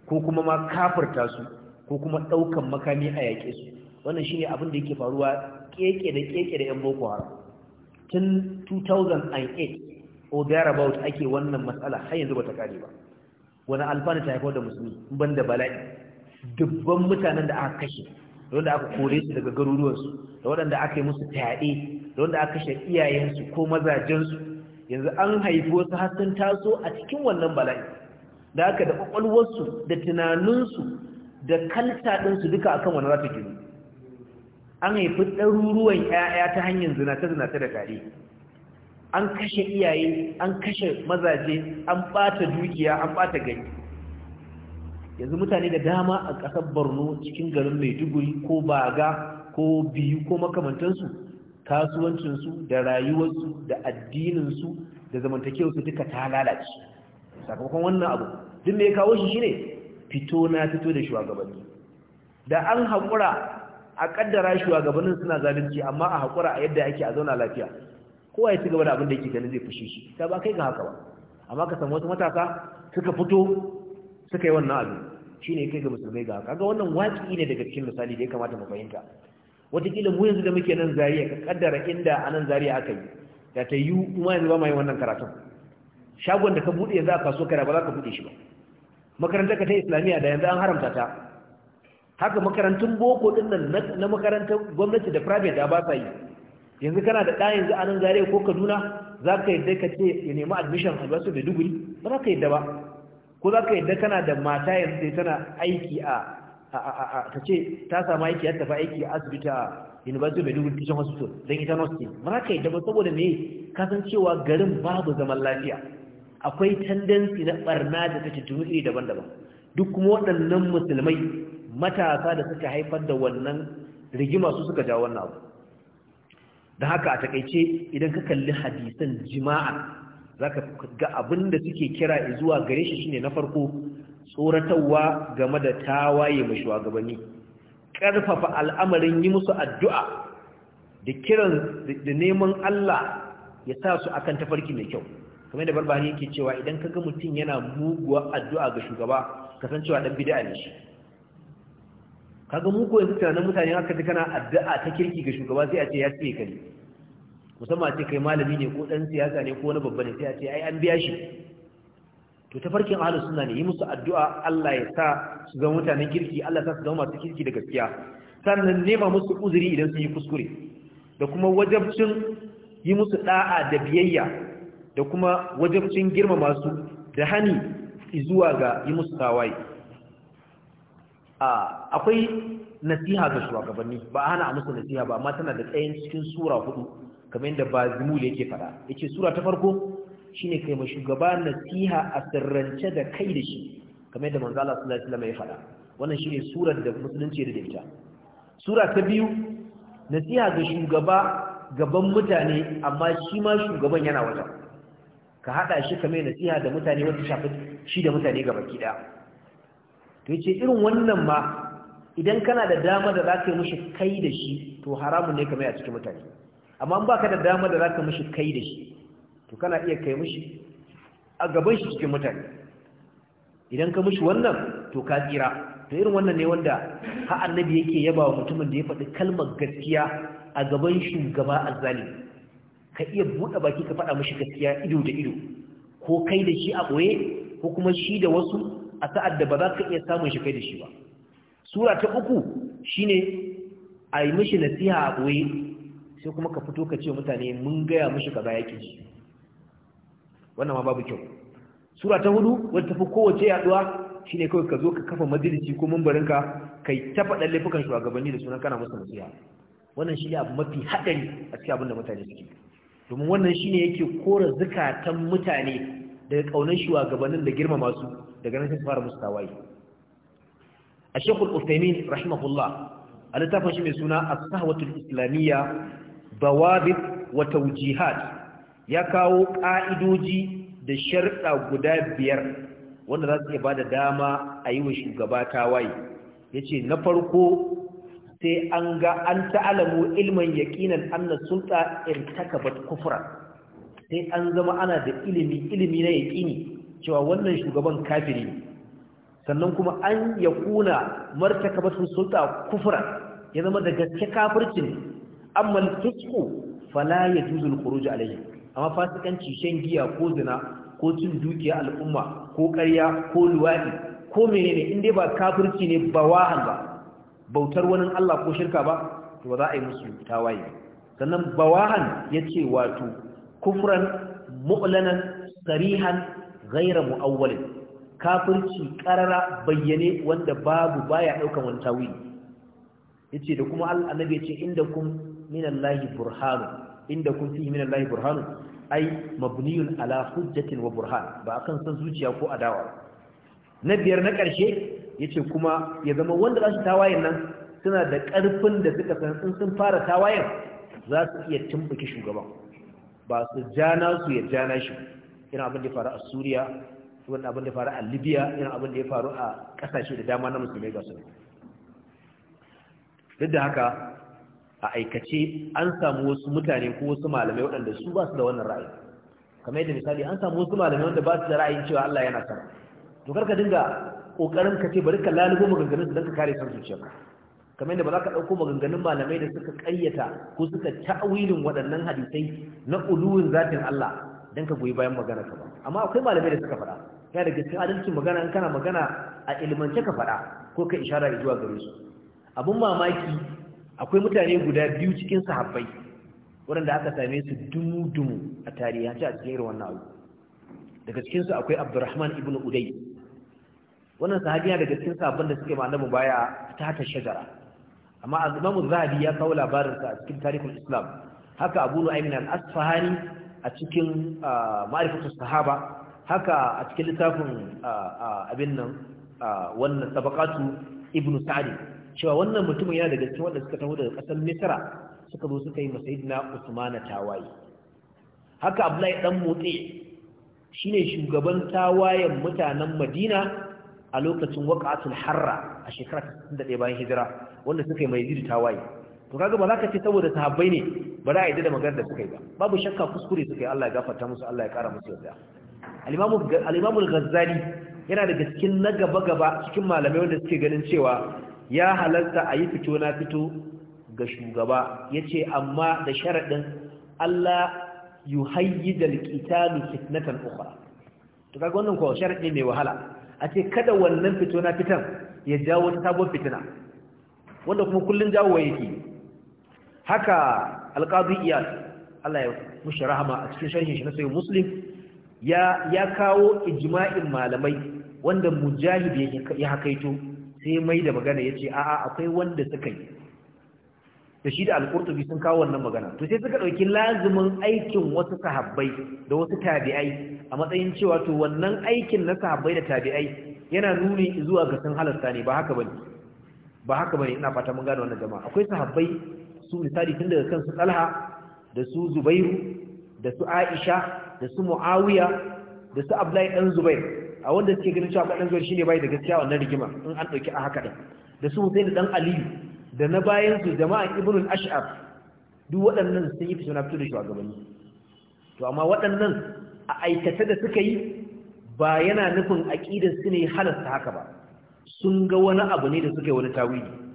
A: ko kuma ma kafirta su ko kuma ɗaukan makami a yaƙe su wannan shine abin da yake faruwa keke da keke da yan boko haram tun 2008 or about ake wannan matsala har yanzu bata kare ba wani alfani ta haifar da musulmi ban da bala'i dubban mutanen da aka kashe da wanda aka kore su daga garuruwansu da waɗanda aka yi musu yaɗe, da wanda aka kashe iyayensu ko mazajensu yanzu an haifi wasu hasken taso a cikin wannan bala'i da aka da ƙwaƙwalwarsu da tunaninsu da kalta ɗinsu duka akan wani za ta an haifi ɗaruruwan 'ya'ya ta hanyar zinata-zinata da tare. an kashe iyaye an kashe mazaje an ɓata dukiya an ɓata gari yanzu mutane da dama a ƙasar borno cikin garin maiduguri ko baga ko biyu ko makamantansu kasuwancinsu da rayuwarsu da addininsu da zamantakewarsu duka ta lalace sakamakon wannan abu duk da ya kawo shi shi ne. fito na fito da shugabanni da an haƙura a kaddara gabanin suna zalunci amma a hakura a yadda ake a zauna lafiya kowa ya ci gaba da abin da yake ganin zai fushi shi ta ba kai ga haka ba amma ka samu wasu matasa suka fito suka yi wannan abin shine kai ga musulmai ga haka ga wannan waki ne daga cikin misali da ya kamata mu fahimta wataƙila mu yanzu da muke nan zariya ka kaddara inda a nan zariya aka yi da ta yi kuma yanzu ba ma yi wannan karatun shagon da ka buɗe yanzu a kasuwa kara ba za ka buɗe shi ba makarantar ka ta islamiyya da yanzu an haramta ta haka makarantun boko din nan na makarantar gwamnati da private da ba sa yi yanzu kana da ɗa yanzu anan zare ko kaduna za ka yadda ka ce ya nemi admission a basu da duguri ba za ka yadda ba ko za ka yadda kana da mata yanzu sai tana aiki a ta ce ta samu aiki ya tafi aiki a asibiti a university of maiduguri teaching hospital don ita nurse ce ba za ka yadda ba saboda me kasancewa garin babu zaman lafiya akwai tendensi na barna da take tuni daban-daban duk kuma waɗannan musulmai matasa da suka haifar da wannan rigima su suka jawo wannan abu da haka a takaice idan ka kalli hadisan jima'a za ka ga abin da suke kira zuwa gare shi shine na farko tsoratarwa game da tawaye mai shugabanni Karfafa al'amarin yi musu addu'a da kiran da neman Allah ya sa su akan tafarki mai kyau kamar da barbari yake cewa idan ka ga mutum yana muguwa addu'a ga shugaba kasancewa dan bid'a ne shi kaga mu ko yanzu tunanin mutane aka ji kana addu'a ta kirki ga shugaba sai a ce ya ce ka ne musamman a ce kai malami ne ko dan siyasa ne ko wani babba ne sai a ce ai an biya shi to tafarkin ahlus sunna ne yi musu addu'a Allah ya sa su zama mutanen kirki Allah ya sa su zama masu kirki da gaskiya sannan nema musu uzuri idan sun yi kuskure da kuma wajabcin yi musu da'a da biyayya da kuma wajabcin girmama su da hani zuwa ga yi musu tawaye akwai nasiha ga shugabanni ba a hana a musu nasiha ba amma tana da tsayin cikin sura hudu kamar yadda ba yake faɗa yace sura ta farko shine kai ma shugaba nasiha a sirrance da kai da shi kamar yadda manzo Allah sallallahu alaihi wasallam ya faɗa wannan shine surar da musulunci da ita sura ta biyu nasiha ga shugaba gaban mutane amma shi ma shugaban yana wajen ka hada shi kamar nasiha da mutane wanda shafi shi da mutane gaba ki daya to yace irin wannan ma idan kana da dama da zaka yi mishi kai da shi to haramun ne kamar a cikin mutane amma in baka da dama da zaka mishi kai da shi to kana iya kai mushi a gaban shi cikin mutane idan ka mishi wannan to ka tsira to irin wannan ne wanda har annabi yake yaba wa mutumin da ya faɗi kalmar gaskiya a gaban shugaba azzali ka iya buɗe baki ka faɗa mishi gaskiya ido da ido ko kai da shi a ɓoye ko kuma shi da wasu a sa'ad da ba za ka iya samun shi kai da shi ba sura ta uku shi ne, a yi mishi nasiha a ɓoye sai kuma ka fito ka ce mutane mun gaya mishi ka baya ki wannan ma babu kyau sura ta hudu wadda tafi kowace yaduwa ne kawai ka zo ka kafa majalisi ko ka kai ta faɗa laifukan shugabanni da sunan kana masu nasiha wannan shi ne abu mafi haɗari a cikin abin da mutane suke domin wannan shi ne yake kora zukatan mutane daga ƙaunar shugabannin da girmama su daga nan sai fara musu tawaye a shekul ufemin rahimahullah a littafin shi mai suna a sahawatul islamiyya bawabit wa tawjihat ya kawo ƙa'idoji da sharɗa guda biyar wanda za su iya ba da dama a yi wa shugaba tawaye ya ce na farko sai an ga an ta'alamu ilmin yaƙinan annas sulta irtakabat kufra sai an zama ana da ilimi ilimi na yaƙini cewa wannan shugaban kafiri sannan kuma an ya kuna martaka batun sulta kufra ya zama da gaske kafircin amma fisku fala ya juzul khuruj alayhi amma fasikanci shan giya ko zina ko cin dukiya al'umma ko karya ko luwadi ko menene in dai ba kafirci ne ba wahan ba bautar wani Allah ko shirka ba to ba za a yi musu tawaye sannan bawahan ce wato kufran mu'lanan sarihan ghaira mu'awwalin kafirci karara bayyane wanda babu baya daukan wani tawili yace da kuma annabi yace inda kun minallahi burhanu inda kun fi minallahi burhanu ai mabniyun ala hujjatin wa burhan ba akan san zuciya ko adawa na biyar na ƙarshe yace kuma ya zama wanda za su tawayen nan suna da ƙarfin da suka san in sun fara tawayen za su iya tumbuki shugaban ba su jana su ya jana shi irin abin da ya faru a Suriya irin abin da ya faru a Libya irin abin da ya faru a kasashe da dama na musulmai ga su duk da haka a aikace an samu wasu mutane ko wasu malamai waɗanda su ba su da wannan ra'ayi kamar yadda misali an samu wasu malamai wanda ba su da ra'ayin cewa Allah yana sama to karka dinga kokarin ka ce bari ka lalubo maganganun su don ka kare san zuciyarka kamar yadda ba za ka ɗauko maganganun malamai da suka ƙayyata ko suka ta'awilin waɗannan hadisai na uluwin zatin Allah dan ka goyi bayan magana ka ba amma akwai malamai da suka faɗa ya da gaskiya adalcin magana in kana magana a ilmance ka faɗa ko ka ishara zuwa gare su abun mamaki akwai mutane guda biyu cikin sahabbai waɗanda aka same su dumu-dumu a tarihance a cikin wannan abu daga cikinsu akwai abdurrahman ibn udai wannan yana daga cikin sahabban da suke malamu baya ta ta shagara amma azmamu zahabi ya kawo labarinsa a cikin tarihin islam haka abu nu'aymin al-asfahani a cikin ma'rifatu sahaba haka a cikin littafin abin nan wannan tabakatu Ibn Sa'adi cewa wannan mutumin yana daga cikin wanda suka taho daga kasar misra suka zo suka yi masayidina usmana tawaye haka abdullahi dan motsi shine shugaban tawayen mutanen madina a lokacin waqatul harra a shekarar 61 bayan hijira wanda suka yi mai tawaye to kaga ba za ka ce saboda sahabbai ne ba za a yi da maganar da suka yi ba babu shakka kuskure suka yi Allah ya gafarta musu Allah ya kara musu yarda al-imamu al-ghazali yana daga cikin na gaba gaba cikin malamai wanda suke ganin cewa ya halarta a yi fito na fito ga shugaba yace amma da sharadin Allah al qitalu fitnatan ukhra to kaga wannan ko sharadi mai wahala a ce kada wannan fito na fitan ya jawo sabon fitina wanda kuma kullun jawo yake haka alqadi iyas Allah ya mushi rahama a cikin sharhin shi na sayyid muslim ya ya kawo ijma'in malamai wanda mujahid ya hakaito sai mai da magana yace a'a akwai wanda suka yi da shi da alƙurtubi sun kawo wannan magana to sai suka ɗauki lazumin aikin wasu sahabbai da wasu tabi'ai a matsayin cewa to wannan aikin na sahabbai da tabi'ai yana nuni zuwa ga sun halasta ne ba haka bane ba haka bane ina fata mun gane wannan jama'a akwai sahabbai su misali tun daga kansu talha da su zubairu da su aisha da su mu'awiya da su abdullahi dan zubair a wanda suke ganin cewa dan zubair shine bai da gaskiya wannan rigima in an ɗauki a haka da su husaini dan aliyu da na bayan su jama'an ibn al-ash'ab duk waɗannan sun yi fitina fito da shugabanni to amma waɗannan a aikata da suka yi ba yana nufin aqidar su ne halasta haka ba sun ga wani abu ne da suka yi wani tawili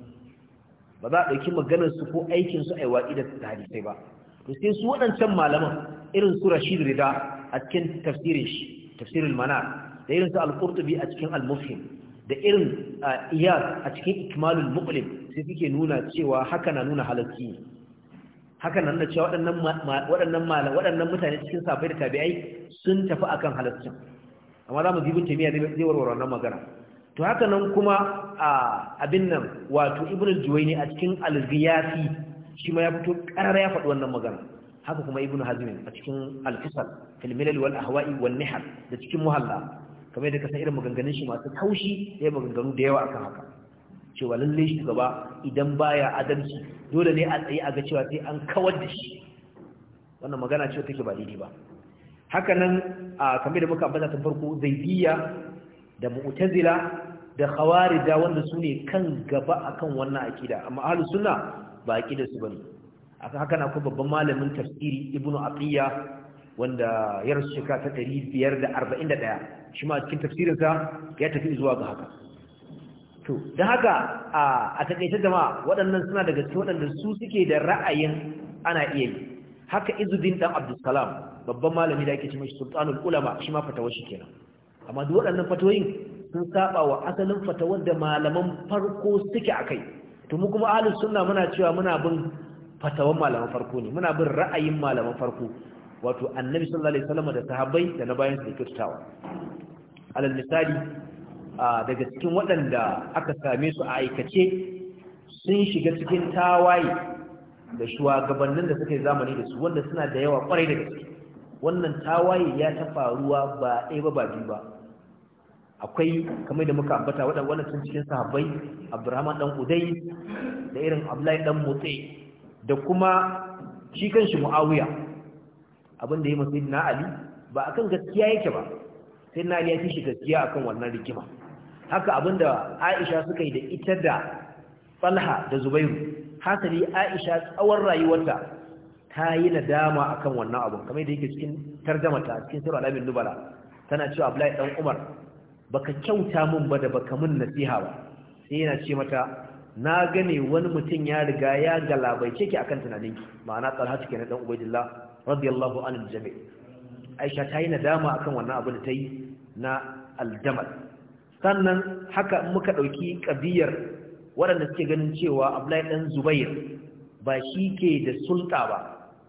A: ba za a ɗauki maganarsu ko aikinsu su yi waƙi da hadisai ba to su waɗancan malaman irin su Rashid Rida a cikin tafsirin shi tafsirul manar da irin su Al-Qurtubi a cikin Al-Mufhim da irin Iyad a cikin Ikmalul Muqlim sai suke nuna cewa haka na nuna halarci haka nan da cewa waɗannan mutane cikin safai da tabi'ai sun tafi akan halarcin amma za mu zibin tamiya zai warware wannan magana to haka nan kuma a abin nan wato ibn al-juwayni a cikin al-ghiyasi shi ma ya fito karara ya faɗi wannan magana haka kuma ibn hazm a cikin al-fisal fil milal wal ahwa'i wan nihal da cikin muhalla kamar ka san irin maganganun shi masu taushi da maganganu da yawa akan haka cewa lalle shi gaba idan baya adalci dole ne a tsaye a ga cewa sai an kawar da shi wannan magana ce take ba daidai ba haka nan kamar da muka ambata ta farko zaidiya da mu'tazila da khawarija wanda sune kan gaba akan wannan akida amma ahlus sunna ba akida su bane akan haka na ku babban malamin tafsiri ibnu aqiya wanda ya rasu shekara ta 541 shi ma cikin tafsirinsa ya tafi zuwa ga haka to da haka a takaice jama'a waɗannan suna daga cikin waɗanda su suke da ra'ayin ana iya yi haka Izudin dan abdussalam babban malami da ake ce mashi sultanul ulama shi ma fatawar shi kenan amma duk waɗannan fatoyin sun saba wa asalin fatawar da malaman farko suke kai to mu kuma ahlus sunna muna cewa muna bin fatawar malaman farko ne muna bin ra'ayin malaman farko wato annabi sallallahu alaihi wasallam da sahabbai da na bayan su kirtawa alal misali daga cikin waɗanda aka same su a aikace sun shiga cikin tawaye da shugabannin da suka zamani da su wanda suna da yawa kwarai da gaske wannan tawaye ya ta faruwa ba ɗaya ba ba biyu ba akwai kamar da muka ambata waɗannan sun cikin sahabbai abdurrahman dan udai da irin abdullahi dan mutse da kuma shi kanshi muawiya abin da ya na ali ba akan gaskiya yake ba sai na ali ya fi shi gaskiya akan wannan rigima haka abin da aisha suka yi da ita da salha da zubairu hasali aisha tsawon rayuwarta ta yi nadama akan wannan abun kamar da yake cikin ta cikin sura alamin nubala tana cewa abdullahi dan umar baka kyauta mun ba da baka mun nasiha ba sai yana ce mata na gane wani mutum ya riga ya galabaice ki akan tunaninki ma'ana talhatu na dan ubaidillah radiyallahu anhu jami aisha ta yi nadama akan wannan abu da ta yi na aljamal sannan haka muka dauki kabiyar waɗanda suke ganin cewa abdullahi dan zubair ba shi ke da sulta ba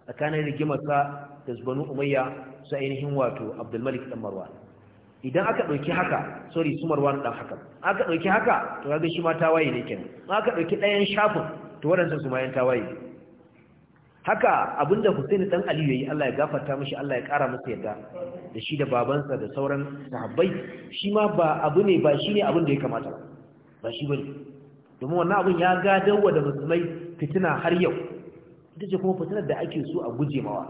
A: tsakanin rigimarsa da banu umayya su ainihin wato abdulmalik dan marwan idan aka ɗauki haka sorry sumar wani ɗan haka aka ɗauki haka to ga shi ma tawaye ne kenan aka ɗauki ɗayan shafin to waɗansu su ma tawaye haka abinda Husaini dan Ali yayi Allah ya gafarta mishi Allah ya kara masa yadda da shi da babansa da sauran sahabbai shi ma ba abu ne ba shine abin da ya kamata ba ba shi bane domin wannan abin ya gadawa da musulmai fitina har yau ita ce kuma fitinar da ake so a guje mawa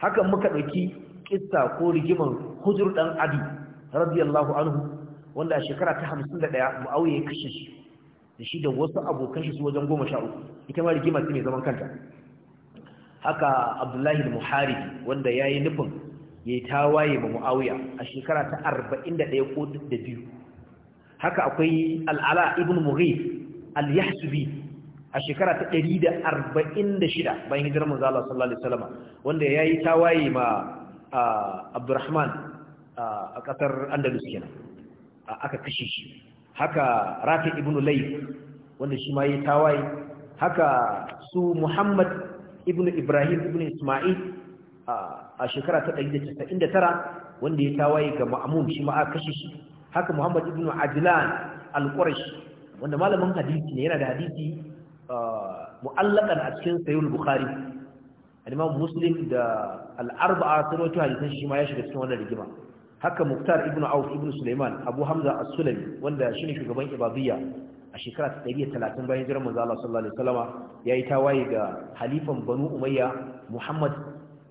A: haka muka ɗauki kissa ko rigimar. hujr dan abi radiyallahu anhu wanda a shekara ta 51 muawiya ya kashe shi da shi da wasu abokan shi su wajen 13 ita ma rigima ce mai zaman kanta haka abdullahi al-muharibi wanda yayi nufin yayi tawaye ba muawiya a shekara ta 41 ko da biyu haka akwai al-ala ibn mughith al-yahsubi a shekara ta ɗari da da shida bayan hijirar manzo Allah sallallahu alaihi wasallam wanda yayi tawaye ma ah, Abdurrahman a ƙasar andalus kenan aka kashe shi haka rafi ibn layth wanda shi ma yi tawaye haka su muhammad ibn ibrahim ibn isma'il a shekara ta 199 wanda ya tawaye ga ma'amun shi ma aka kashe shi haka muhammad ibn Adilan al-qurashi wanda malamin hadisi ne yana da hadisi mu'allakan a cikin sayyid bukhari al-imam muslim da al-arba'a sun rawaito hadisan shi ma ya shiga cikin wannan rigima haka muktar ibn auf ibn suleiman abu hamza as-sulami wanda shine shugaban ibadiyya a shekara ta 130 bayan hijirar manzo Allah sallallahu alaihi wasallama yayi tawaye ga halifan banu umayya muhammad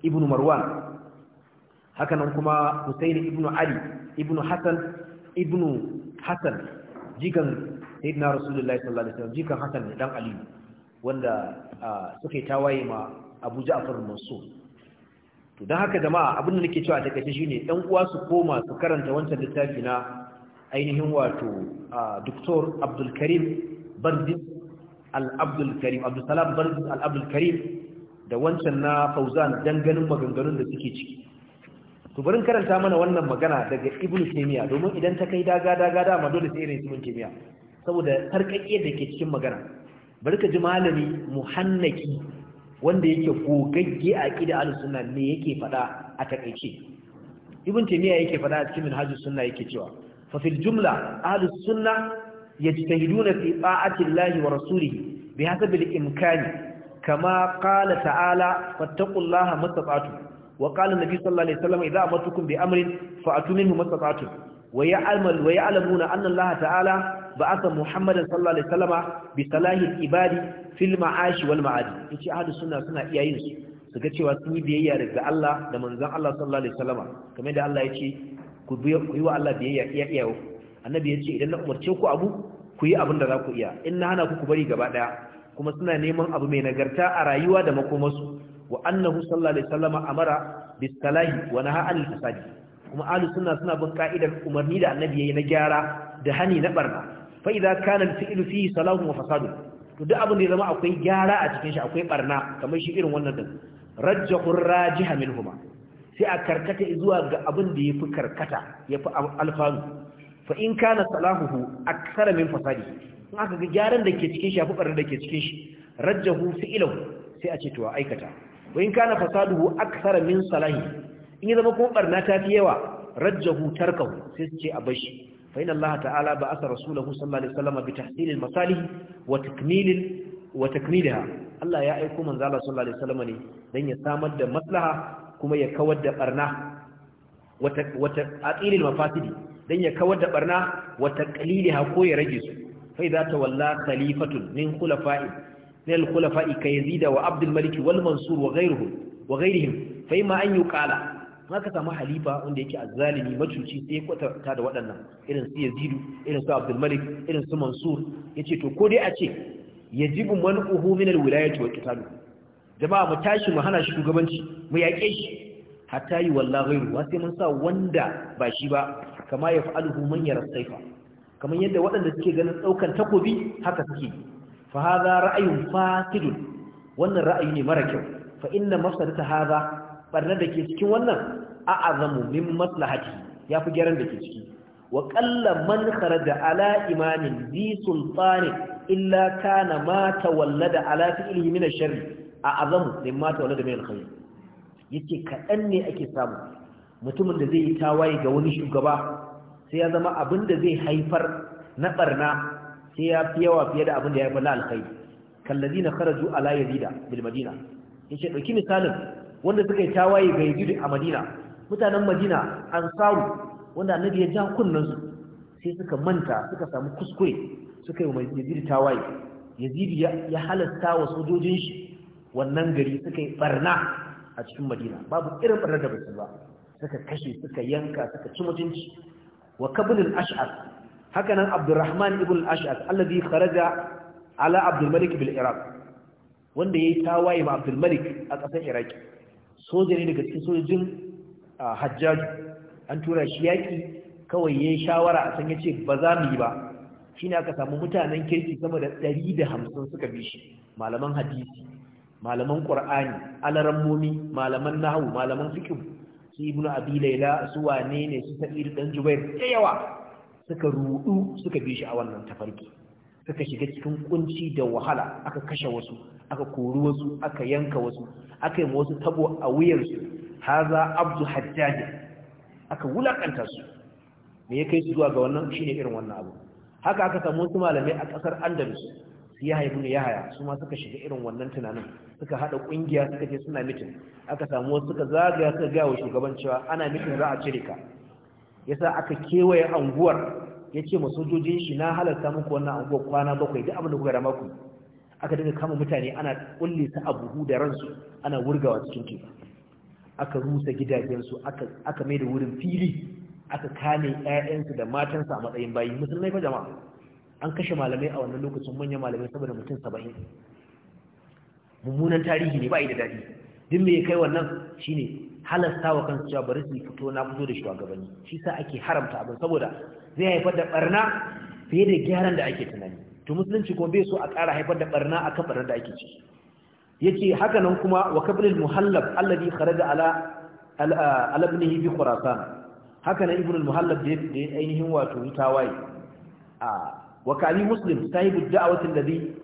A: ibn marwan haka nan kuma husayn ibn ali ibn hasan ibn hasan jikan sayyidina rasulullahi sallallahu alaihi wasallam jikan hasan dan ali wanda ah, suka yi tawaye ma abu ja'far mansur to don haka jama'a abinda da nake cewa shi ne ɗan uwa su koma su karanta wancan littafi na ainihin wato doktor abdul karim bandit al-abdul karim abdul da wancan na fauzan danganin maganganun da suke ciki to barin karanta mana wannan magana daga ibnu taymiya domin idan ta kai daga daga dama dole sai irin ibn kimiyya saboda sarkakkiyar da ke cikin magana bari ka ji malami muhannaki wanda yake gogagge a ƙida al suna ne yake fada a taƙaice. ibn taymiya yake fada a cikin minhajus sunna yake cewa fa fil jumla ahlus sunna yajtahiduna fi ta'ati llahi wa rasulihi hasabi al-imkani kama qala ta'ala fattaqullaha mastata'tu wa qala an-nabi sallallahu alaihi wasallam idza amatukum bi amrin fa'tu minhu mastata'tu wa ya'lamu wa ya'lamuna anna allaha ta'ala ba'atha Muhammadan sallallahu alaihi wasallama bi salahil ibadi fil ma'ash wal ma'adi yace ahlus sunna suna iya yin su su ga cewa sun yi biyayya daga Allah da manzan Allah sallallahu alaihi wasallama kamar da Allah ce ku yi wa Allah biyayya iya iya annabi ce idan na umarce ku abu ku yi abin da za ku iya in na hana ku ku bari gaba ɗaya? kuma suna neman abu mai nagarta a rayuwa da makomarsu wa annahu sallallahu alaihi wasallama amara bis salahi wa naha anil fasadi kuma ahlus sunna suna bin ka'idar umarni da annabi yayi na gyara da hani na barna fa idza kana al-fi'lu fihi salahu wa fasadu to duk abin da ya zama akwai gyara a cikin shi akwai barna kamar shi irin wannan din rajjahu rajiha huma. sai a karkata zuwa ga abin da yafi karkata yafi alfanu fa in kana a akthara min fasadi in aka ga gyaran da ke cikin shi yafi barna da ke cikin shi rajjahu fi'lahu sai a ce to aikata wa in kana a akthara min salahi in ya zama kuma barna ta fi yawa rajjahu tarkahu sai su ce a bashi fa inna Allah ta'ala ba asa rasulahu sallallahu alaihi wasallam bi tahsilil masalih wa takmilil wa takmilha Allah ya aiko manzo Allah sallallahu alaihi wasallam ne dan ya samar da maslaha kuma ya kawar da mafasidi dan ya kawar da barna wa taqlilha ko ya rage su fa idza walla khalifatun min khulafa'i min al yazida wa abdul wal mansur wa fai ma an ka samu halifa wanda yake azzalimi macuci sai kwatanta da waɗannan irin su yazidu irin su abdul malik irin su mansur Ya ce to ko dai a ce yajibu man'uhu min alwilayati wa qitalu jama'a mu tashi mu hana shi shugabanci mu yaƙe shi hatta yi wallahi ruwa sai mun sa wanda ba shi ba kama ya fa'aluhu man yara saifa kamar yadda waɗanda suke ganin ɗaukan takobi haka suke fa hadha ra'ayun fasidun wannan ra'ayi ne mara kyau fa inna mafsadata hadha barnar da ke cikin wannan a'azamu min maslahati yafi gyaran da ke ciki wa qalla man kharaja ala imanin bi sultani illa kana ma tawallada ala na min ash-sharri a'azamu min ma tawallada min al Ya ce kaɗan ne ake samu mutumin da zai yi tawaye ga wani shugaba sai ya zama abin da zai haifar na ɓarna. sai ya fi yawa fiye da abin da ya haifar na alkhairi kallazina kharaju ala yazida bil madina ce ɗauki misalin wanda suka yi tawaye ga yajudu a madina mutanen madina ansaru wanda annabi ya ja kunnansu sai suka manta suka samu kuskure suka yi wa yajudu tawaye yazidu ya halasta wa sojojin shi wannan gari suka yi barna a cikin madina babu irin barnar da basu ba suka kashe suka yanka suka ci mutunci wa kabulin ash'ar hakanan abdurrahman ibn ash'ar allazi kharaja ala abdul malik bil iraq wanda yayi tawaye ma abdul malik a ƙasar iraki soja ne daga cikin sojojin hajjaju an tura shi yaƙi kawai ya yi shawara a san ya ce ba za mu yi ba shi aka samu mutanen kirki sama da ɗari da hamsin suka bi shi malaman hadisi malaman Ƙur'ani, alarammomi malaman Nahu, malaman fikin su ibnu abi laila su wane ne su iri dan jubair da yawa suka ruɗu, suka bi shi a wannan tafarki suka shiga cikin kunci da wahala aka kashe wasu aka kori wasu aka yanka wasu aka yi wasu tabo a wuyarsu haza abdu hajjaji aka wulakanta su me ya kai su zuwa ga wannan shine irin wannan abu haka aka samu wasu malamai a kasar andalus ya haifu ne ya haya su ma suka shiga irin wannan tunanin suka hada kungiya suka je suna mitin aka samu wasu suka zagaya suka gawo shugaban cewa ana mitin za a cire ka yasa aka kewaye anguwar ya ce ma sojojin shi na halarta muku wannan anguwar kwana bakwai duk abin da kuka rama ku aka dinga kama mutane ana kulle su a buhu da ransu ana wurgawa cikin teku aka rusa gidajensu aka aka mai da wurin fili aka kame 'ya'yansu da matansu a matsayin bayi musulmai fa jama'a an kashe malamai a wannan lokacin manyan malamai saboda mutum saba'in mummunan tarihi ne ba da daɗi duk me ya kai wannan shine halasta wa kansu cewa bari su fito na fito da shugabanni shi sa ake haramta abin saboda zai haifar da barna fiye da gyaran da ake tunani to musulunci kuma bai so a ƙara haifar da barna akan barnar da ake ciki yace haka nan kuma wa kabril muhallab alladhi kharaja ala ala ibnihi bi khurasan haka nan ibnul muhallab da ainihin wato tawaye a wa kali muslim sahibu da'awati alladhi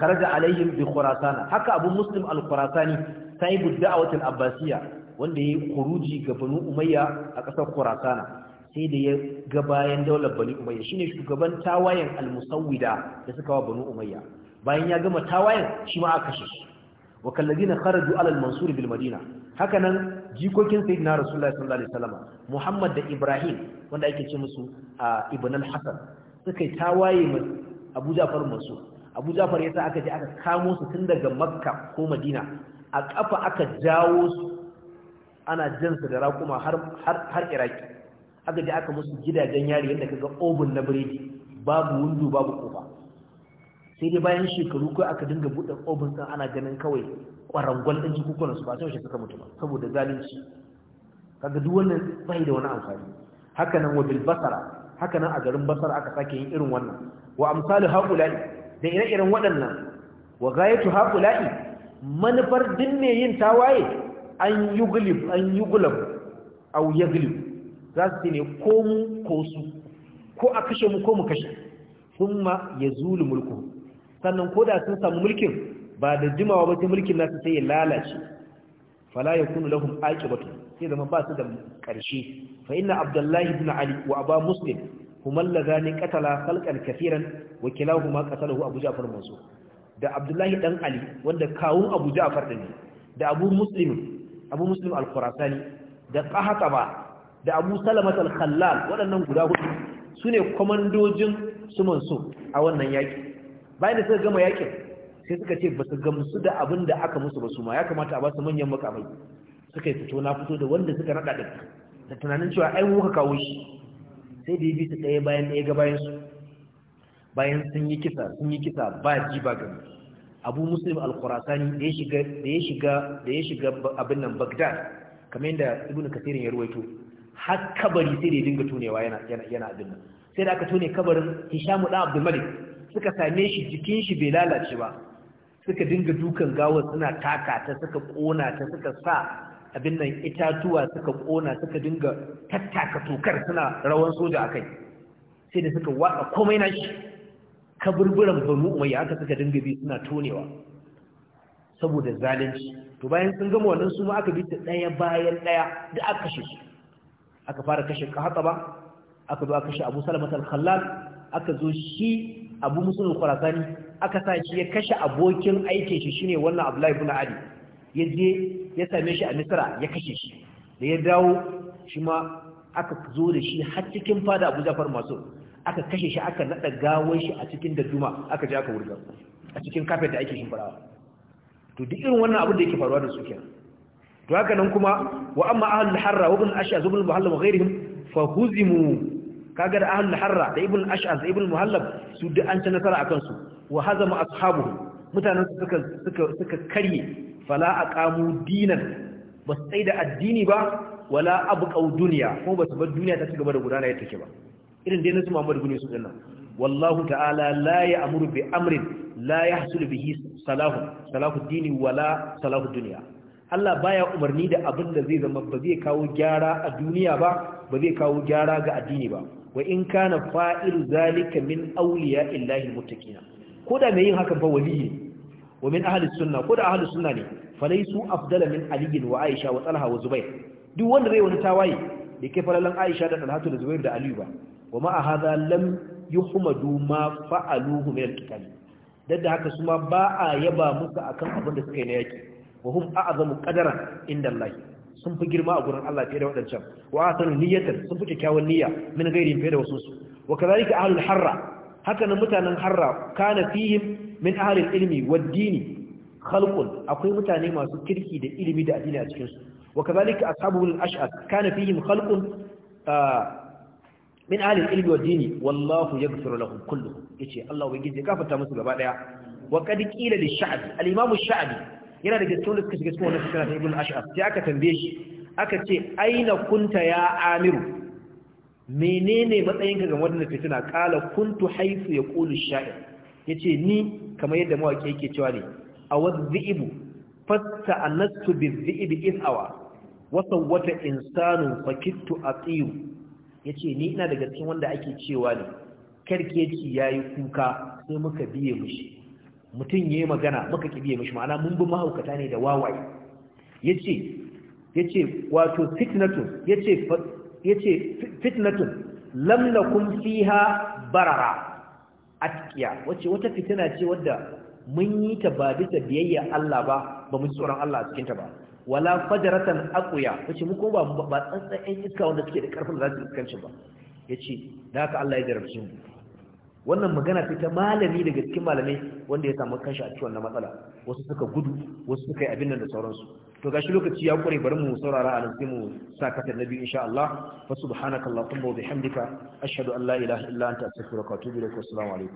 A: kharaja alaihim bi khurasan haka abu muslim al-khurasani sahibu da'awati al-abbasiyya wanda yayi khuruji ga banu umayya a ƙasar khurasana sai da ya ga bayan daular bani umayya shine shugaban tawayen al-musawwida da suka wa bani umayya bayan ya gama tawayen shi ma aka kashe shi wa kallazina kharaju ala al-mansur bil madina haka nan jikokin sayyidina rasulullahi sallallahu alaihi wasallam muhammad da ibrahim wanda ake ce musu ibn al-hasan suka yi tawaye mu abu jafar mansur abu jafar yasa aka je aka kamo su tun daga makka ko madina a kafa aka jawo su ana jansu da raƙuma har iraki aka ji aka musu gidajen yari yadda kaga obin na biredi babu windo babu kofa sai dai bayan shekaru kai aka dinga buɗe obin san ana ganin kawai ƙwarangon ɗin jikukunan su ba sai suka mutu ba saboda zalunci kaga duk wannan bai da wani amfani haka nan wa basara haka nan a garin basara aka sake yin irin wannan wa amsalu haƙulai da ire-iren waɗannan wa gayatu haƙulai manufar din ne yin tawaye an yugulib an yugulab aw yaglib za su ce ne ko mu ko su ko a kashe mu ko mu kashe ya yazulu mulku sannan ko da sun samu mulkin ba da jimawa ba ta mulkin nasu sai ya lalace fala yakunu lahum aqibatu sai zama ba su da ƙarshe. fa ina abdullahi ibn ali wa aba muslim huma allazani qatala khalqan kaseeran wa kilahuma qatalahu abu ja'far mansur da abdullahi dan ali wanda kawun abu ja'far din da abu muslim abu muslim al-khurasani da da abu salamat al-khallal waɗannan guda hudu su ne kwamandojin su a wannan yaƙi bayan da suka gama yaƙin sai suka ce ba su gamsu da abin da aka musu ba su ma ya kamata a ba su manyan makamai suka fito na fito da wanda suka naɗa ɗin da tunanin cewa ai muka kawo shi sai da ya bi su ɗaya bayan ɗaya ga bayan su bayan sun yi kisa sun yi kisa ba ji ba gani abu muslim al-khurasani da ya shiga da ya shiga da ya shiga abin nan bagdad kamar yadda ibnu kasirin ya ruwaito har kabari sai da ya dinga tonewa yana yana abin nan sai da aka tone kabarin Hishamu dan Abdul Malik suka same shi jikin shi bai lalace ba suka dinga dukan gawar suna taka ta suka kona ta suka sa abin nan itatuwa suka kona suka dinga tattaka tokar suna rawan soja akai sai da suka watsa komai na shi kaburburan banu umayya aka suka dinga bi suna tonewa saboda zalunci to bayan sun gama wannan su ma aka bi ta daya bayan daya da aka shi aka fara kashe qahtaba aka zo aka kashe Abu Salama al-Khallal aka zo shi Abu musulun al aka sa shi ya kashe abokin aikin shi shine wannan Abdullah ibn Ali ya je ya same shi a Misra ya kashe shi da ya dawo shi ma aka zo da shi har cikin fada Abu Ja'far Mansur aka kashe shi aka nada gawar shi a cikin dadduma aka je aka wurga a cikin kafet da ake shimfarawa to duk irin wannan abin da yake faruwa da su kenan to haka nan kuma wa amma ahlul harra wa ibn ash'az ibn muhallab wa ghayrihim fa huzimu kaga da ahlul harra da ibn ash'az ibn muhallab su da an ci nasara akan su wa hazama ashabuhu mutanen suka suka suka karye fala aqamu dinan ba su da addini ba wala abqau dunya ko ba su bar duniya ta ci gaba da gudana yadda take ba irin dai nasu muhammad bin Yusuf dinnan wallahu ta'ala la ya'muru bi amrin la yahsul bihi salahu salahu dini wala salahu dunya Allah baya umarni da abin da zai zama ba zai kawo gyara a duniya ba ba zai kawo gyara ga addini ba wa in kana fa'ilu zalika min awliya illahi muttaqina koda mai yin hakan fa waliyi wa min ahli sunna koda ahli sunna ne falaisu afdala min ali wa aisha wa talha wa zubair duk wanda zai wani tawaye da ke falalan aisha da talha da zubair da ali ba wa ma hadha lam yuhmadu ma fa'aluhu min al-qital da haka su ma ba a yaba musu akan abin da suka yi na yaki wa hum a'zamu qadaran inda Allah sun fi girma a gurin Allah fiye da waɗancan wa a asanu niyyatan sun fi kyakkyawan niyya min gairi fiye da wasu wa kadhalika ahlul harra haka nan mutanen harra kana fihim min ahlil ilmi wad dini khalqun akwai mutane masu kirki da ilimi da addini a cikin su wa kadhalika ashabul ash'ab kana fihim khalqun ah, min ahlil ilmi wad dini wallahu yaghfiru lahum kulluhum yace Allah ubangiji ya gafarta musu gaba daya wa qad qila lish-sha'bi al-imam shabi yana da gaskiya suka shiga cikin wannan fitina ta ibn ash'ab sai aka tambaye shi aka ce aina kunta ya amiru menene matsayinka ga wannan fitina kala kuntu haifu ya qulu sha'ir yace ni kamar yadda mawaki yake cewa ne awadhibu fatta anastu zi'ibu in awa wasan wata insanu fakittu atiyu yace ni ina daga cikin wanda ake cewa ne karkeci yayi kuka sai muka biye mushi mutum ya yi magana muka kibiye mashi ma'ana mun bi mahaukata ne da wawaye ya ce wato fitnatun ya ce fitnatun fi fiha barara a tikiya wacce wata fitina ce wadda mun yi ta ba bisa biyayya Allah ba ba mu tsoron Allah a cikinta ba wala fajaratan akuya wacce mu ko ba tsantsan yan iska wanda suke da karfin da za su iskanci ba ya ce da haka Allah ya jarabci mu wannan magana ce ta malami daga cikin malamai wanda ya samu kanshi a cikin matsala wasu suka gudu wasu suka yi abin nan da sauransu to gashi lokaci ya kure bari mu saurara a nan sai mu sa kata na biyu insha Allah fa subhanakallahumma wa bihamdika ashhadu an la ilaha illa anta astaghfiruka wa atubu ilaik wa assalamu alaikum